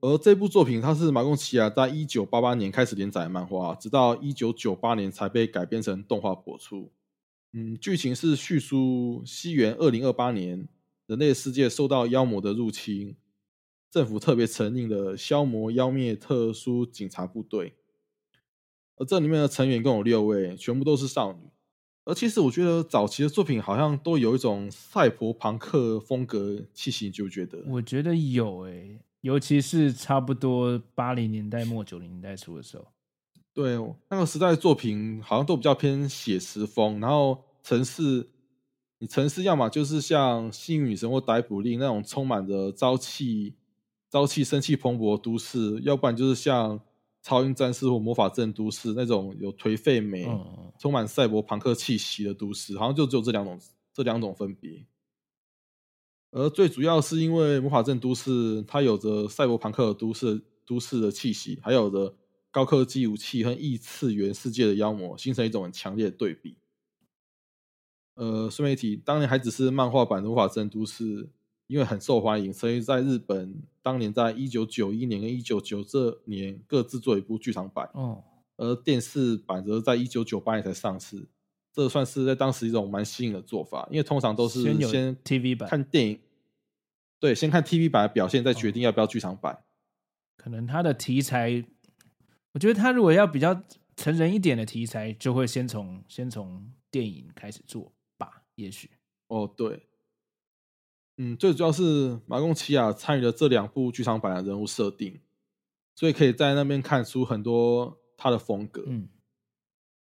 而這部作品，它是麻宮騎亞在一九八八年開始連載的漫畫，直到一九九八年才被改編成動畫播出。嗯，劇情是敘述西元二零二八年，人類世界受到妖魔的入侵，政府特別成立了消魔妖滅特殊警察部隊。而這裡面的成員共有六位，全部都是少女。而其實我覺得早期的作品好像都有一種賽博朋克風格氣息，就覺得我覺得有哎、欸。尤其是差不多八零年代末九零年代初的時候，對那個時代的作品，好像都比較偏寫實風。然後城市，你城市要麼就是像幸運女神或逮捕令那種充滿着朝氣、朝氣、生氣蓬勃的都市，要不然就是像超音戰士或魔法陣都市那種有頹廢美、嗯嗯、充滿賽博朋克氣息的都市，好像就只有這兩種、這兩種分別。而最主要是因為魔法陣都、都市，它有着賽博朋克都市都市的氣息，還有着高科技武器和異次元世界的妖魔，形成一種很強烈的對比。呃，順便一提當年還只是漫畫版的魔法陣都市，因為很受歡迎，所以在日本當年在一九九一年跟一九九二年各製作一部劇場版。哦，而電視版則在一九九八年才上市。這算是在當時一種蠻新穎的做法，因為通常都是先、先有 TV 版，看電影，對，先看 TV 版的表現，再決定要不要劇場版。哦，可能他的題材，我覺得他如果要比較成人一點的題材，就會先從先從電影開始做吧，也許。哦，對，嗯，最主要是麻宮騎亞參與了這兩部劇場版的人物設定，所以可以在那邊看出很多他的風格，嗯。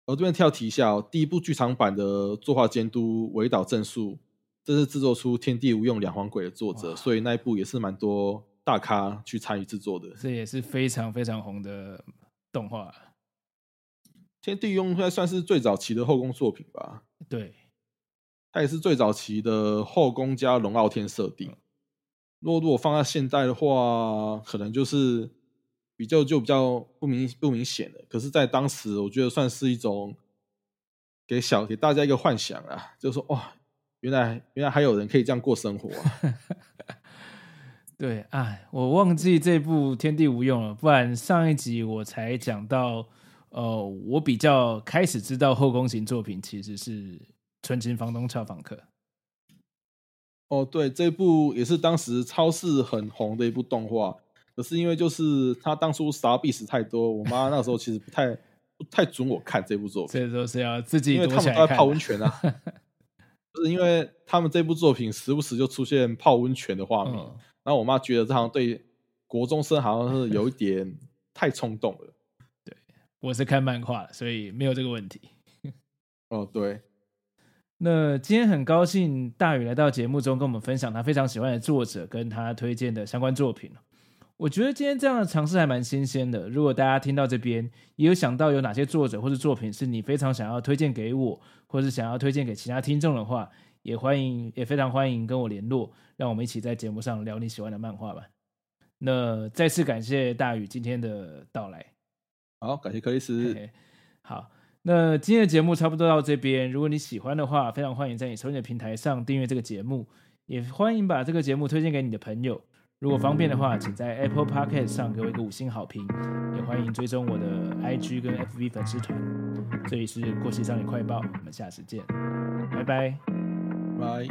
我這邊跳題一下哦，第一部劇場版的作畫監督梶島正樹，這是制作出《天地無用魎皇鬼》的作者，哇所以那一部也是蠻多大咖去參與制作的。這也是非常非常紅的動畫，《天地無用》應該算是最早期的後宮作品吧？對，它也是最早期的後宮加龍傲天設定。嗯、如果如果放在現代的話，可能就是。比較就比較不明不明顯的，可是在當時我覺得算是一種給小給大家一個幻想啊，就是說哇、哦，原來原來還有人可以這樣過生活，啊。 對，哎，我忘記這部《天地無用》了，不然上一集我才講到，哦，呃，我比較開始知道後宮型作品其實是《純情房東俏房客》。哦，對，這部也是當時超市很紅的一部動畫。可是因為就是他當初殺必死太多，我媽那時候其實不太 不太準我看這部作品，所以都是要自己，因為他們都在泡溫泉啊， 就是因為他們這部作品時不時就出現泡溫泉的畫面，嗯、然後我媽覺得這好像對國中生好像是有一點 太衝動了。對，我是看漫畫，所以沒有這個問題。哦、 呃，對，那今天很高興大羽來到節目中跟我們分享他非常喜歡的作者跟他推薦的相關作品我覺得今天這樣的嘗試還蠻新鮮的。如果大家聽到這邊也有想到有哪些作者或是作品是你非常想要推薦給我，或是想要推薦給其他聽眾的話，也歡迎，也非常歡迎跟我聯絡，讓我們一起在節目上聊你喜歡的漫畫吧。那再次感謝大羽今天的到來。好，感謝克里斯。Okay，好，那今天的節目差不多到這邊。如果你喜歡的話，非常歡迎在你收聽的平台上訂閱這個節目，也歡迎把這個節目推薦給你的朋友。如果方便的話，請在 Apple Podcast 上給我一個五星好評，也歡迎追蹤我的 IG 跟 FB 粉絲團。這裡是《過期少年快報》，我們下次見，拜拜，拜。